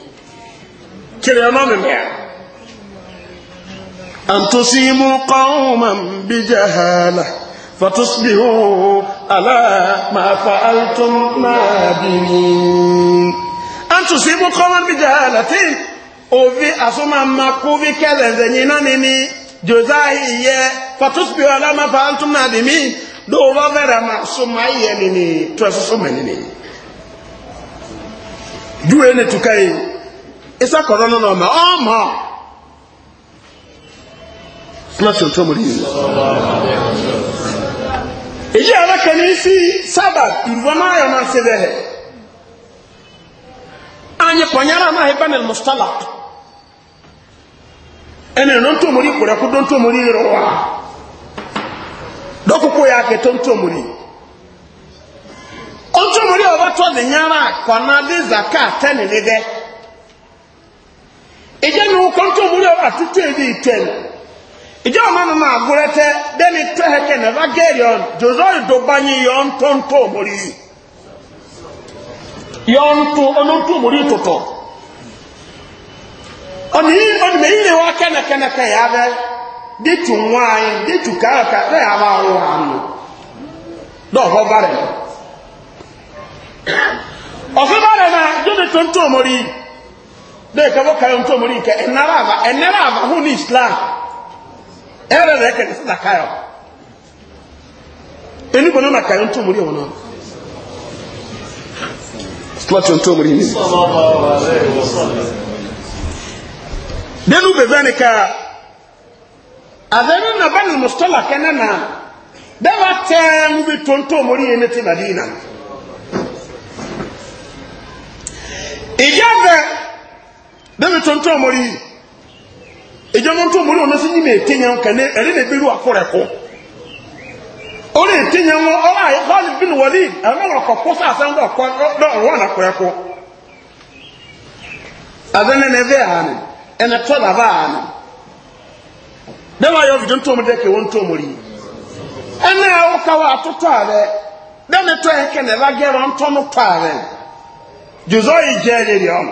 kiri ọmọ mi mẹ́rin. àǹtòsímú kọ́ọ̀mọ̀ bí jẹ́ hàlà fàtúsbìhù àlà máa fa àlùtún náà bí mi. àǹtòsímú kọ́ọ̀mọ̀ bí jẹ́ hàlà tí òvi àsomàmàkú bí kẹlẹ̀ ǹzẹ̀yìn náà ni ni jòzáì yẹ fàtúsbìhù àlà fa àlùtún náà bí mi dɔw ma soma yɛ nini tɔ soso mɛ nini du ne tuka ye isakọrọ nọ n'ọma ọma oh, fúláṣẹ tó mọ nìyí. èyí ẹ̀rọ kẹ́ni sí sábà tùrùwọ́n náà yọ̀ máa ṣe bẹ́ẹ̀. anyị kpọnyere anaghị banel mustala ẹni nọ ntọmori kwere kwudo ntọmori rụwa dọkwụkwụ ya keto ntọmori ntọmori ọbatọ dị nyara kwana dị zaka tenilide Ije mi wọ́n kọ́ńtò múlẹ̀ ọ̀rọ̀ àtúntò èdè ìtẹ̀lù ìjẹ́ ọ̀nà nínú àgúrẹ́tẹ́ dẹ́ni tẹ́hẹ̀kẹ́ nẹ́fà gẹ́rì ọ̀n jòzọ́ ìdọ̀bányé yọ̀n tó ń tó mórí yọ̀n tó onótó mórí tòtò ọ̀nà yìí ọ̀nà mẹ́yìn lè wá kẹ́nẹ̀kẹ́nẹ̀kẹ́ dɛ kɛfɔ kayo ntɔ mori nkɛ ɛnara ava ɛnara ava ho ni islam ɛyɛrɛ lɛ kɛ nisɛ zakayɔ enu bɔnɔ na kayo ntɔ mori wɔn na silɔtɔ ntɔ mori ni denu bɛbɛ ni ka azɛni na bani mustala kɛnɛ na bɛɛ b'a tɛɛ mu bi tontɔ mori ye ne ti madina ìjẹ́ bẹ́ẹ̀ david tontɔn mori ìjọba tó mori wọn sọ ní mi ètè yẹn kàn ní ẹrí ní ebíru akọrẹ kọ orí ètè yẹn wọn ọlọ àyè Khalid bin Walid ẹnu ọkọ kó sàásán dọ ọkọ dọ ọwọ nà kọrẹ kọ abẹnẹ ní ẹbẹ àná ẹnẹ tọ bàbá àná dẹwà yọ fìdí tó mori dẹkẹ wọn tó mori ẹnẹ ẹwọ káwọ àtútọ àrẹ dẹni tọ ẹkẹ nẹbà gẹrọ ntọ nù tọ àrẹ jùzọ yìí jẹ ẹrẹ rẹ ọmọ.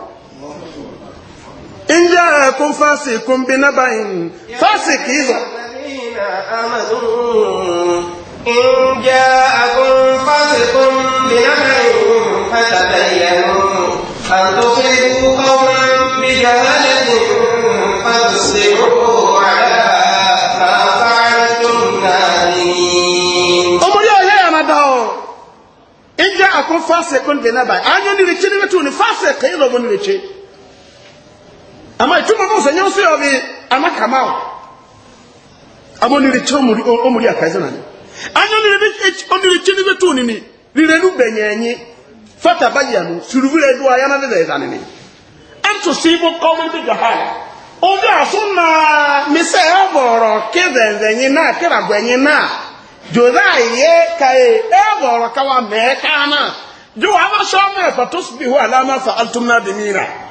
إن جاءكم فاسق بنبأ فاسق إذا الذين آمنوا إن جاءكم فاسق بنبأ فتبينوا أن تصيبوا قوما بجهالة فتصبحوا على ما فعلتم نادمين إن جاءكم فاسق بنبأ أن ينريتشي نتوني فاسق إذا بنريتشي ama ituma mo sɛ nyɛnso yɛ ɔbi ama kama o ama onire kyɛ omuri omuri akaze na ne anya onire ne onire kyɛ ne betu ne ne rire nu bɛnyɛnyi fata bayi ano suruvire do a yana ne bɛ ɛda ne ne ɛnto si bo kɔm bi gba ha obi aso na misɛ ɛbɔrɔ ke bɛnbɛnyi na ke ragbɛnyi na jodá yɛ kae ɛbɔrɔ e kawa mɛɛ kaana jo abasɔ mɛ fatos bi hɔ alama fa altumna dimira.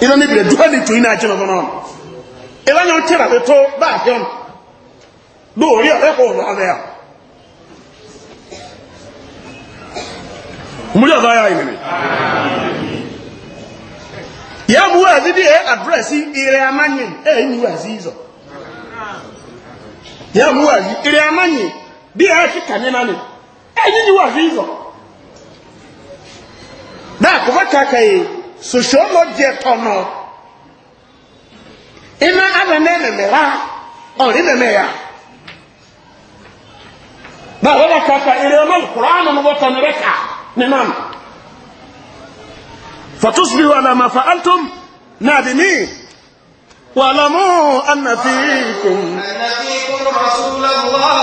ina ne bire duha ne tuyi na agyina hɔ nom ina nyɛ ɔkyerɛ abeto baahɛ no do ori ɔbɛ kɔ ɔbɛ abɛ a mmiri ɔbɛ ayɛ ayɛ yà mú wáàzí bí ẹ àdúrẹ́sì ìrẹ́ amányìn ẹ̀ ń yí wáàzí yìí zọ yà mú wáàzí ìrẹ́ amányìn bí ẹ ṣe kàn nínú ni ẹ̀ ń yí wáàzí yìí zọ dáa kò fẹ́ kàkà yìí. E. sosolo jẹ tọnọ ina anana ẹnẹmẹra ọrin nẹmẹya na wọn kọfà èrè ọmọ ìkura ànàmọ bọ tọnọ rẹ kà nínam fatusibi wa lama fa altum nadimi walamu anafikun. anafikun rasulallah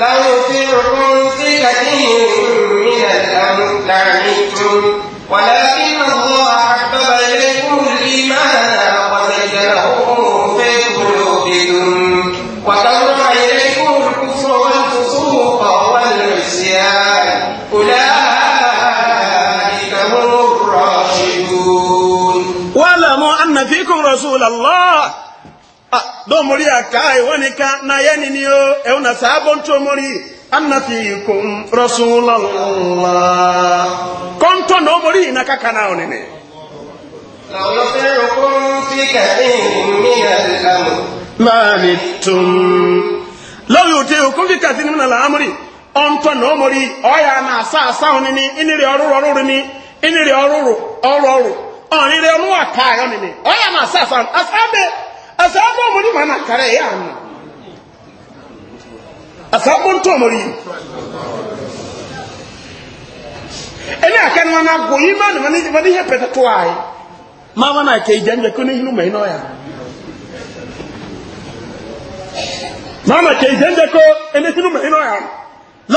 la yóò fi rukun sí kàdí min al-amtani. ولكن الله حبب إليكم الإيمان وزينه في قلوبكم وكره إليكم الكفر والفسوق والعصيان أولئك هم الراشدون واعلموا أن فيكم رسول الله domori aka ewonika na yẹni ni o ẹwọn na sábọ ntọ mori anna fiikum rasulallah kɔntɔ na omori yina kaka na onene. lọ́wọ́sẹ̀rùkún fi tún. lọ́wọ́ yóò na omori ọ̀yà na asa asa onene iniri ọrụrụ ọrụrụ ni iniri ọrụrụ ọrụ ọrụ ọ̀nìrì ọmụwa kaa onene ọ̀yà na asa asa na-asa ma na ya asabu ntɔ mori ɛnɛ aka ni wana go yi maa ni wani wani yɛ pɛtɛ to ayi maa wana ake yi jɛnjɛ ko ne hinu mɛ inɔ ya maa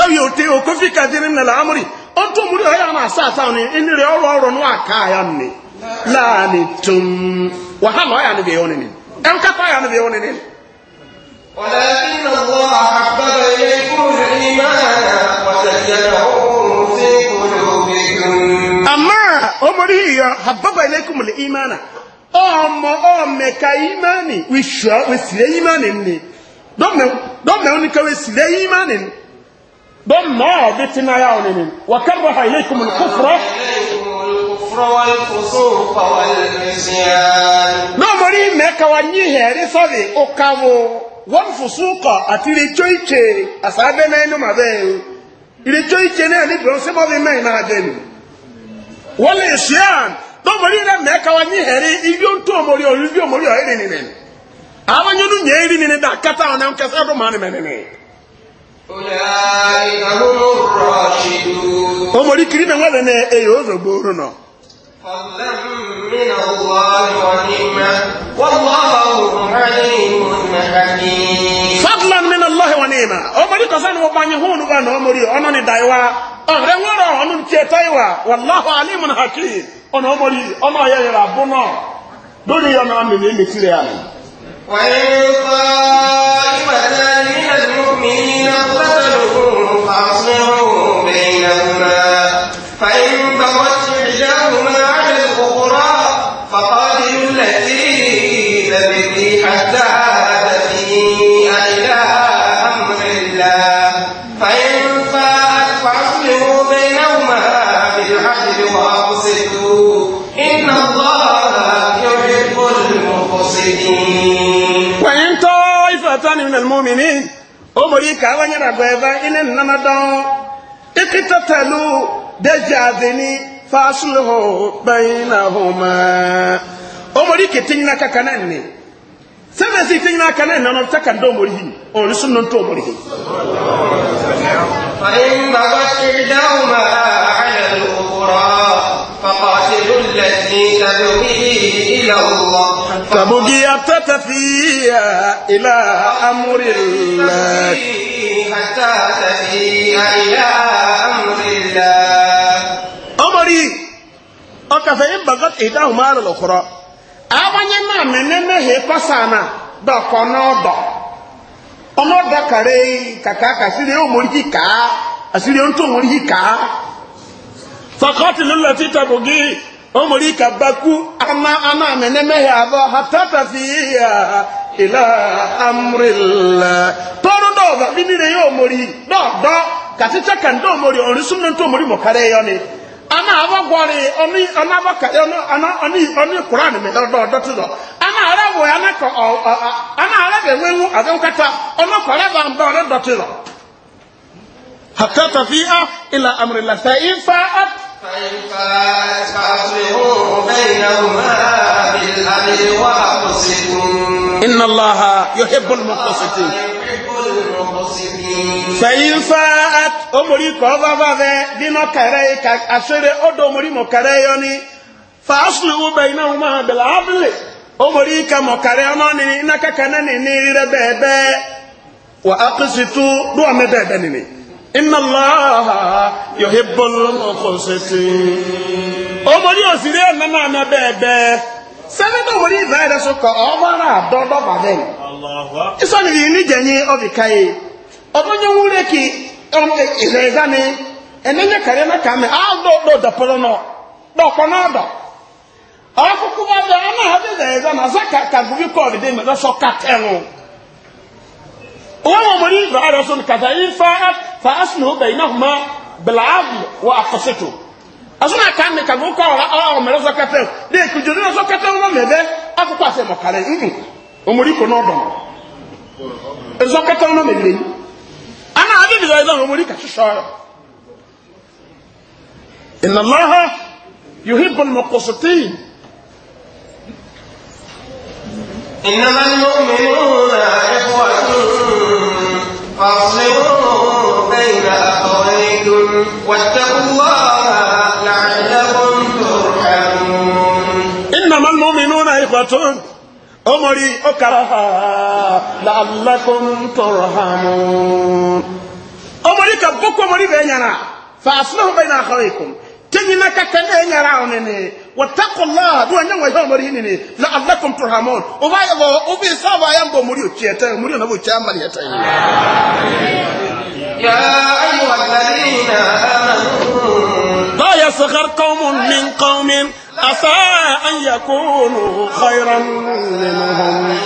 na o te o kofi kadiri nala amuri ɔntɔ mori ɔyɛ ana asa asa ni eniri ɔrɔ ɔrɔ no aka ya ni laani tum wahala ɔyɛ ani bi yɛ ne ولكن الله حبب إليكم الإيمان وزينه في قلوبكم أما أمري حبب إليكم الإيمان ọmọ ọmẹka imani wisua wesire imani ni dọmẹwo nika wesire imani ni dọmẹ ọbi ti na ya ọni ni wakabọ ha ilé kumu kufurọ. n'omori mẹka wa nyi hẹri sọbi ọkawọ. wọ́n fòsúkọ̀ àti ìrètò ìtse àsàbẹ́ náà ẹnu màbẹ́ ẹ̀ ìrètò ìtse náà ní bìrọ̀ sẹ́mọ́bí mẹ́rin náà bẹ́ẹ̀ ni. wọ́n lè ṣe àn rẹ̀ mẹ́ka wa ní ibi ohun tó ibi nìyẹn. àwọn nìyẹn dà ọ̀nà ọdún nìyẹn. فضلا من الله ونعمة والله عليم حكيم فضلا من الله ونعمة أمري كسان وباني هون وبان أمري أنا ندايوا أمري ورا أنا نتيتايوا والله عليم حكيم أنا أمري أنا يا ربنا دوني أنا أمي نمسيري أنا وإن lórí ka abanyara gbẹ̀bẹ̀ iná nnama dán ikita tẹlu dẹjẹ adini fasulihu bẹyìnà homa omori kete nyina kaka náà nne sẹmẹsì kete nyina kaka náà nne ọ̀nà taka ndó omori yìí òní sunu ntó omori yìí. fàyín bàbá ṣe dáhùn máa àyẹ̀lò òkúrọ̀. التي تبغي إلى الله تبغي تتفي إلى أمر الله حتى تفي إلى أمر الله أمري أكفين بغت إحداهما على الأخرى awanye na menene he pasana da kono do ono da kare kaka kasire o mori ka asire onto mori ka fakọtìlú lọtí tàbùgì ọmọrí kàbákú ka àmà àmẹ́nẹ́mẹ́hẹ́ àbọ̀ àtàtàfíà ìlà ya tọ́rọ dọ́ọ̀bà bíbíre ka mọ̀rí dọ́ọ̀dọ́ kàtítẹ́ kàndọ́ mọ̀rí ọ̀rísúnmọ́ tó omori mọ̀kárẹ́ yọ ni ana abagwari ɔni ana abakari ɔni ana ɔni ɔni ni mi dɔdɔ dɔtɔ dɔ ana arɛ wɔ ana kɔ ɔ ɔ ana nkata حتى تفيء إلى أمر الله فإن فاءت فإن فاءت بينهما بالعدل وأقسطوا إن الله يحب المقسطين fẹ̀yìn fa omori kọ́ bàbá bẹ bínú kẹrẹ ìka àṣírí ọdọ omori mọ kẹrẹ yọ ni fàásùlù wọ bẹyìn náà máa bẹlẹ ábìlẹ omori ìka mọ kẹrẹ ọmọ ni iná kẹkẹ náà ní rírẹ bẹẹ bẹẹ wà á kí sí tú dúwà bẹẹ bẹẹ nìyí. iná láàá yọ̀hébọ́ lọ́mọ̀kọ̀ọ́sẹ̀tẹ̀. omori òsìrí ẹ̀nà náà ná bẹ́ẹ̀bẹ́ sẹ́nẹ́tọ̀ wòlí ìbáyẹ̀dẹ́ sọkọ̀ ọmọrà dọ́dọ́ bàbẹ́ ni. ìsọ̀nì yìí níjẹ̀yìn ọ̀bìkà yìí ọ̀bọ̀nyẹ̀ wúrẹ́ kì ìrẹ̀ ìzáni ẹ̀nẹ́nyẹ kàrẹ́ náà kàmẹ́ àádọ́dọ̀ dọ̀pọ̀lọ́ náà وهو مريض بعد رسول كذا فاعل فأسنه بينهما بالعدل وأقصته أسمع كان كان كان أو مرزا كتر ده كجوري رزا كتر وما مبه أكو كاسة مكالين أمم أموري كنودم رزا كتر وما مبه أنا أبي بزاي ده أموري كششار إن الله يحب المقسطين إنما المؤمنون واتقوا الله لعلكم ترحمون إنما المؤمنون إخوة أمري أكرها لعلكم ترحمون أمري كبوك أمري بيننا فأصلحوا بين أخويكم تجينا كتن يرى أنني واتقوا الله دو أن يوم مرينني لعلكم ترحمون وما يبغى أبي سوا مريو تيتا مريو نبو تيا مريتا يا أيها الذين لا يصغر قوم من قوم عسى أن يكونوا خيرا منهم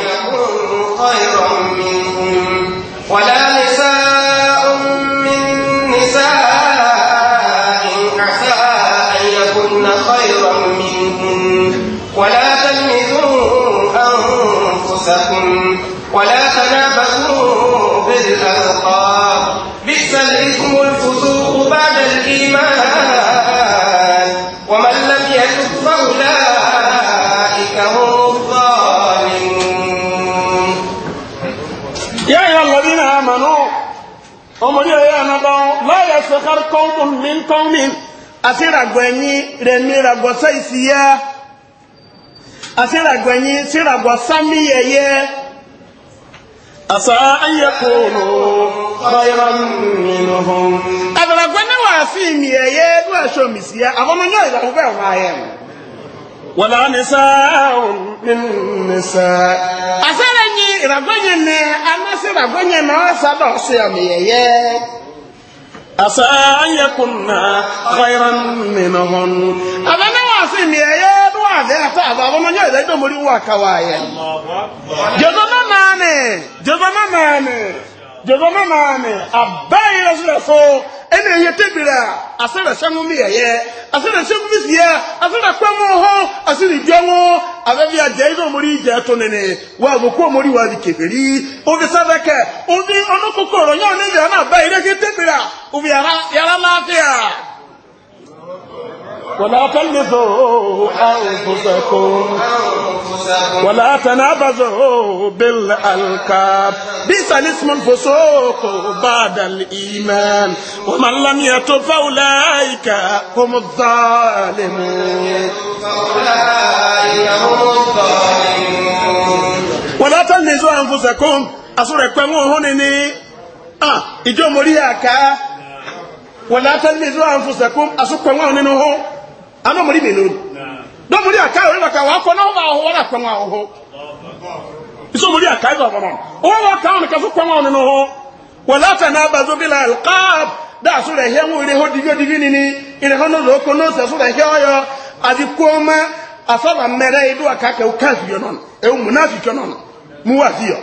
خيرا منهم ولا نساء من نساء عسى أن يكون خيرا منهم ولا تلمزوا أنفسكم ولا تنابزوا بالألقاب بئس الإثم الكفر بعد الإيمان ومن لم يتب فأولئك هم الظالمون يا أيها الذين آمنوا أمري يا نبأ لا يسخر قوم من قوم أسيرغوا يني رمي رغوا سيسيا أسيرغوا يني سيرغوا سامي عسى أن يكونوا خيرا منهم àfihàn ẹ̀yẹ ló ẹ̀ṣọ́ mi sí ẹ àwọn ọmọ náà ìlànà bẹ́ẹ̀ wọ́n ayẹ mu. wọ́n lọ ní sáàrùn ní sáà. àṣẹ́rẹ̀ ni ìràgbọ́nyẹ ni anáṣẹ́ ìràgbọ́nyẹ ni wọ́n sábà ọ̀ṣẹ́ ọ̀mì ẹ̀yẹ. àṣà ayẹkùnà kọ́ìrán nínú wọn. àwọn náà wọ́n sì mi ẹ̀yẹ ló wà ní àtọ́ àbọ̀ àwọn ọmọ náà ìlànà dzodzo no naani abaa yi ɛsrɛ so ɛna ɛyɛ tebira asɛrɛ sɛmu mi yɛyɛ asɛrɛ sɛmu mi fia asɛrɛ kpɛmu hɔ asɛrɛ dwɛmu abɛbi agya yi sɛ omori gya ɛto nene wa aboku omori wa di kebiri obi sadaka obi ɔno kokoro nyɛ ɔne bi ɔna abaa yi ɛyɛ tebira obi yara yara laafia. ولا تلمزوا أنفسكم ولا تنابزوا بالألقاب بئس الاسم الفسوق بعد الإيمان ومن لم يتب فأولئك هم الظالمون ولا تلمزوا أنفسكم أصور كم هنني آه إجو مريا كا ولا تلمزوا أنفسكم أصور كم هنني ano muri menu no muri akai ori baka wako na ba ho wala kwa ho iso muri akai ba ba no o wa ka on ka fu kwa on no ho wala tanabazu bil alqab da sura he mu ire ho digo digi ni ni ire ho no loko no se sura he oyo adi koma asaba mere idu aka ka ukazi yo no e mu na fi no mu wa fi yo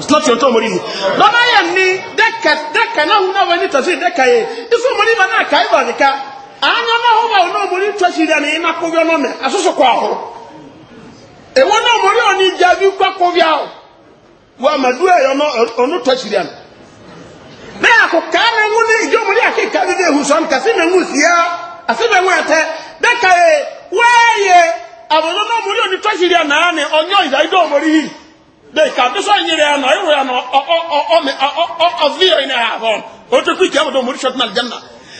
slot yonto mori ni baba ya ni deka deka na hu na wani tasi deka ye iso mori ba na kai ba deka anya n'ahụ ba na omori na ịna kụbịa nọ na asụsụkwa ahụ na omori onye ji ahụ bụ amadu na onu twachi na na akụ enwu na ije omori aka ka ehu sọ nka si na enwu si ya asị na enwe ete dịka e wee ye abụzọ na omori onye twachi dị na anị onye ọyịza ide omori hi dịsọ nyere ya na ịwụ ya na ọvịọ ị na-ahụ otu na aljanna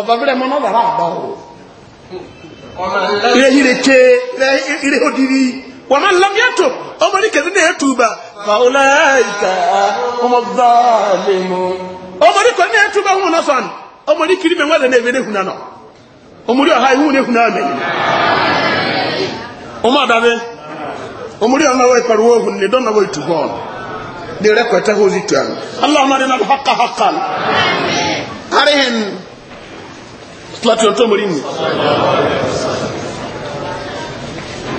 ọba bẹrẹ mọ náà bàrà àbá o. ilé yìí lè ké ilé odidi wọn máa ń lọ yàtọ ọmọ ní kẹsí ní ẹtùbà fàwọlá ìta ọmọ báàlẹ mọ. ọmọ ní kẹsí ní ẹtùbà wọn náà sàn ọmọ ní kiri mẹwàá lẹnu ẹbí ẹhùn náà ọmọ ní ọha ìhùn ẹhùn náà mẹyìn. ọmọ àdàbẹ ọmọ ní ọmọ náà ìpàrọwọ ọhún ní dọ́nà wọ́n ìtùbọ̀ ọ̀nà ní rẹpẹtẹ hósì tó àná. aláwọ̀ máa dín náà hàkàhàkà. àríhìn láti ọ̀tọ́ mọ̀rí mú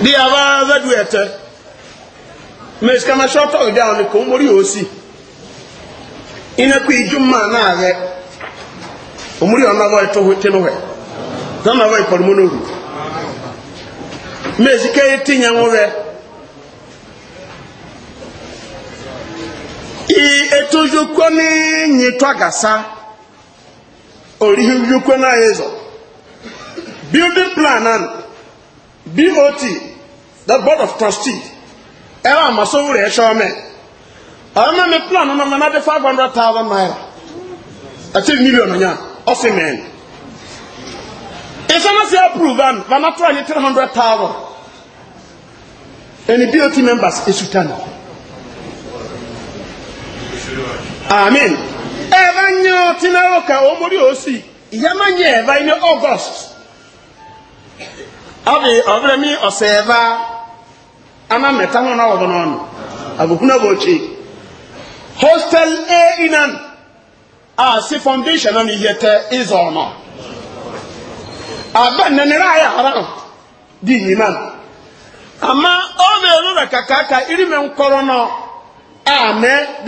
bí a bá zẹ́dù ẹ̀tẹ́ mẹ́sìkámá ṣọ́tọ̀ ìdá ọ̀nà kò mórí òsì inẹ́kù ìjúmọ̀ náà rẹ̀ òmúrí ọ̀nà ọwọ́ ẹ̀tọ́ tínú rẹ̀ náà ọwọ́ ìpọ̀lùmọ́nà òhù mẹ́sìká tíyẹn wọn rẹ̀ ètò ìjókòó ní nyìtọ́ àgàsá orihe yokwe n'ahịa ịzọ building plan and bot the board of trustees ẹwà àmàsọ wúrẹ ẹṣọ ọmọ ẹ ọmọ mi plan ọmọ mi náà dé five hundred thousand naira àti million yẹn ọsẹ mẹ́rin ìsọmọsí approve am vana tó àyè three hundred thousand ẹni bot members èsù tán. Amen. ẹ̀fà nyẹ́ tìǹbù ká o mórí òsì ìyàmá nyẹ́ ẹ̀fà ní august ọbẹ̀ ọbẹ̀ ama mẹ́ta hàn náà n'ọnụ ọ̀nà àbùkún ochie hostel a inan a si foundation náà ni yẹ tẹ ìzọ̀ ọ̀nà àbẹ̀ nẹ̀nẹ̀rẹ̀ ayé ama ọ ama ọbẹ̀ ẹ̀rọ rẹ̀ kàkàkà irimẹ̀ nkọrọ nọ a mee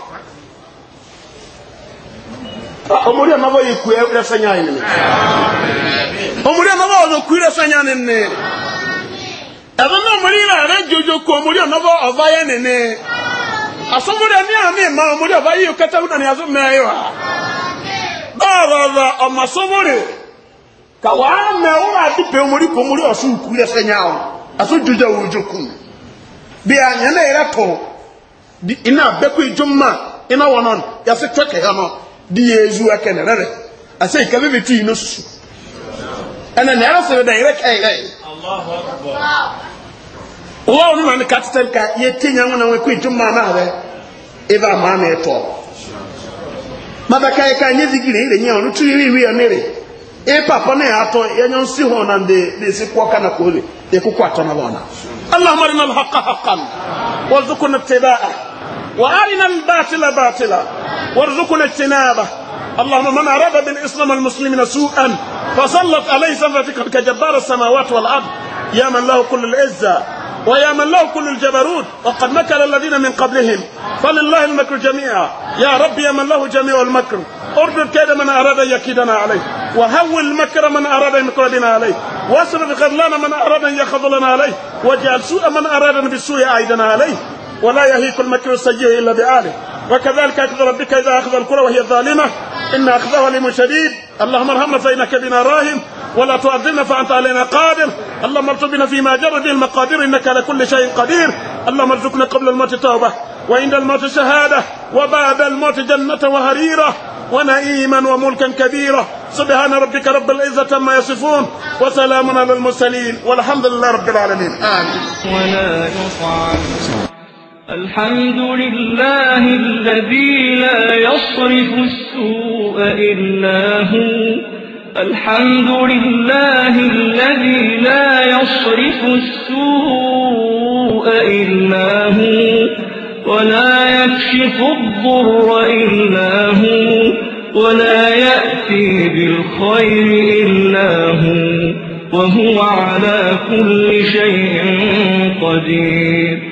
omuri amabo yikuye resanyane ne omuri amabo ozokuye resanyane ne ebona omuri rara jojo ko omuri amabo ovaye ne ne asomuri ma omuri ovaye yukata una ni azo meyo barara amasomuri kawa me ora dipe omuri ko omuri osu kuye resanyane aso jojo ojoku bi anyana ira to ina beku ijumma ina wonon yase tweke hano di yɛ ezu ɛkɛ na rɛrɛ ase nka bebe ti yi no susu ɛnna na ɛrɛ sɛbɛ da yɛrɛ kɛ yɛrɛ wɔn no ma ne ka tete ka yɛ te nya ŋuna wɔn ekoyi juma na rɛ eva maa mi tɔ mabɛka yɛ ka nye zikiri de nyɛ ɔno tu yɛrɛ wi ɛne re e papa ne yɛ atɔ yɛ nyɛ nsi hɔn na de de si kɔ kana ko le yɛ koko atɔ na wɔn na alahumma rinna alhaqa haqan wɔn zokɔ na tebaa. وارنا الباطل باطلا وارزقنا اجتنابه اللهم من اراد بالاسلام والمسلمين سوءا فسلط عليه سلطتك كجبار السماوات والارض يا من له كل العزه ويا من له كل الجبروت وقد مكر الذين من قبلهم فلله المكر جميعا يا رب يا من له جميع المكر اردد كيد من اراد ان يكيدنا عليه وهول مكر من اراد ان بنا عليه واسرد خذلان من اراد ان يخذلنا عليه واجعل سوء من اراد بالسوء عيدنا عليه ولا يهيك المكر السيء إلا بآله وكذلك أخذ ربك إذا أخذ القرى وهي ظالمة إن أخذها لم شديد اللهم ارحمنا فإنك بنا راهن ولا تؤذنا فأنت علينا قادر اللهم ارزقنا فيما جرى به المقادير إنك على كل شيء قدير اللهم ارزقنا قبل الموت توبة وعند الموت شهادة وبعد الموت جنة وهريرة ونعيما وملكا كبيرا سبحان ربك رب العزة ما يصفون وسلام على المرسلين والحمد لله رب العالمين آمين ولا الحمد لله الذي لا يصرف السوء إلا هو الحمد لله الذي لا يصرف السوء إلا هو ولا يكشف الضر إلا هو ولا يأتي بالخير إلا هو وهو على كل شيء قدير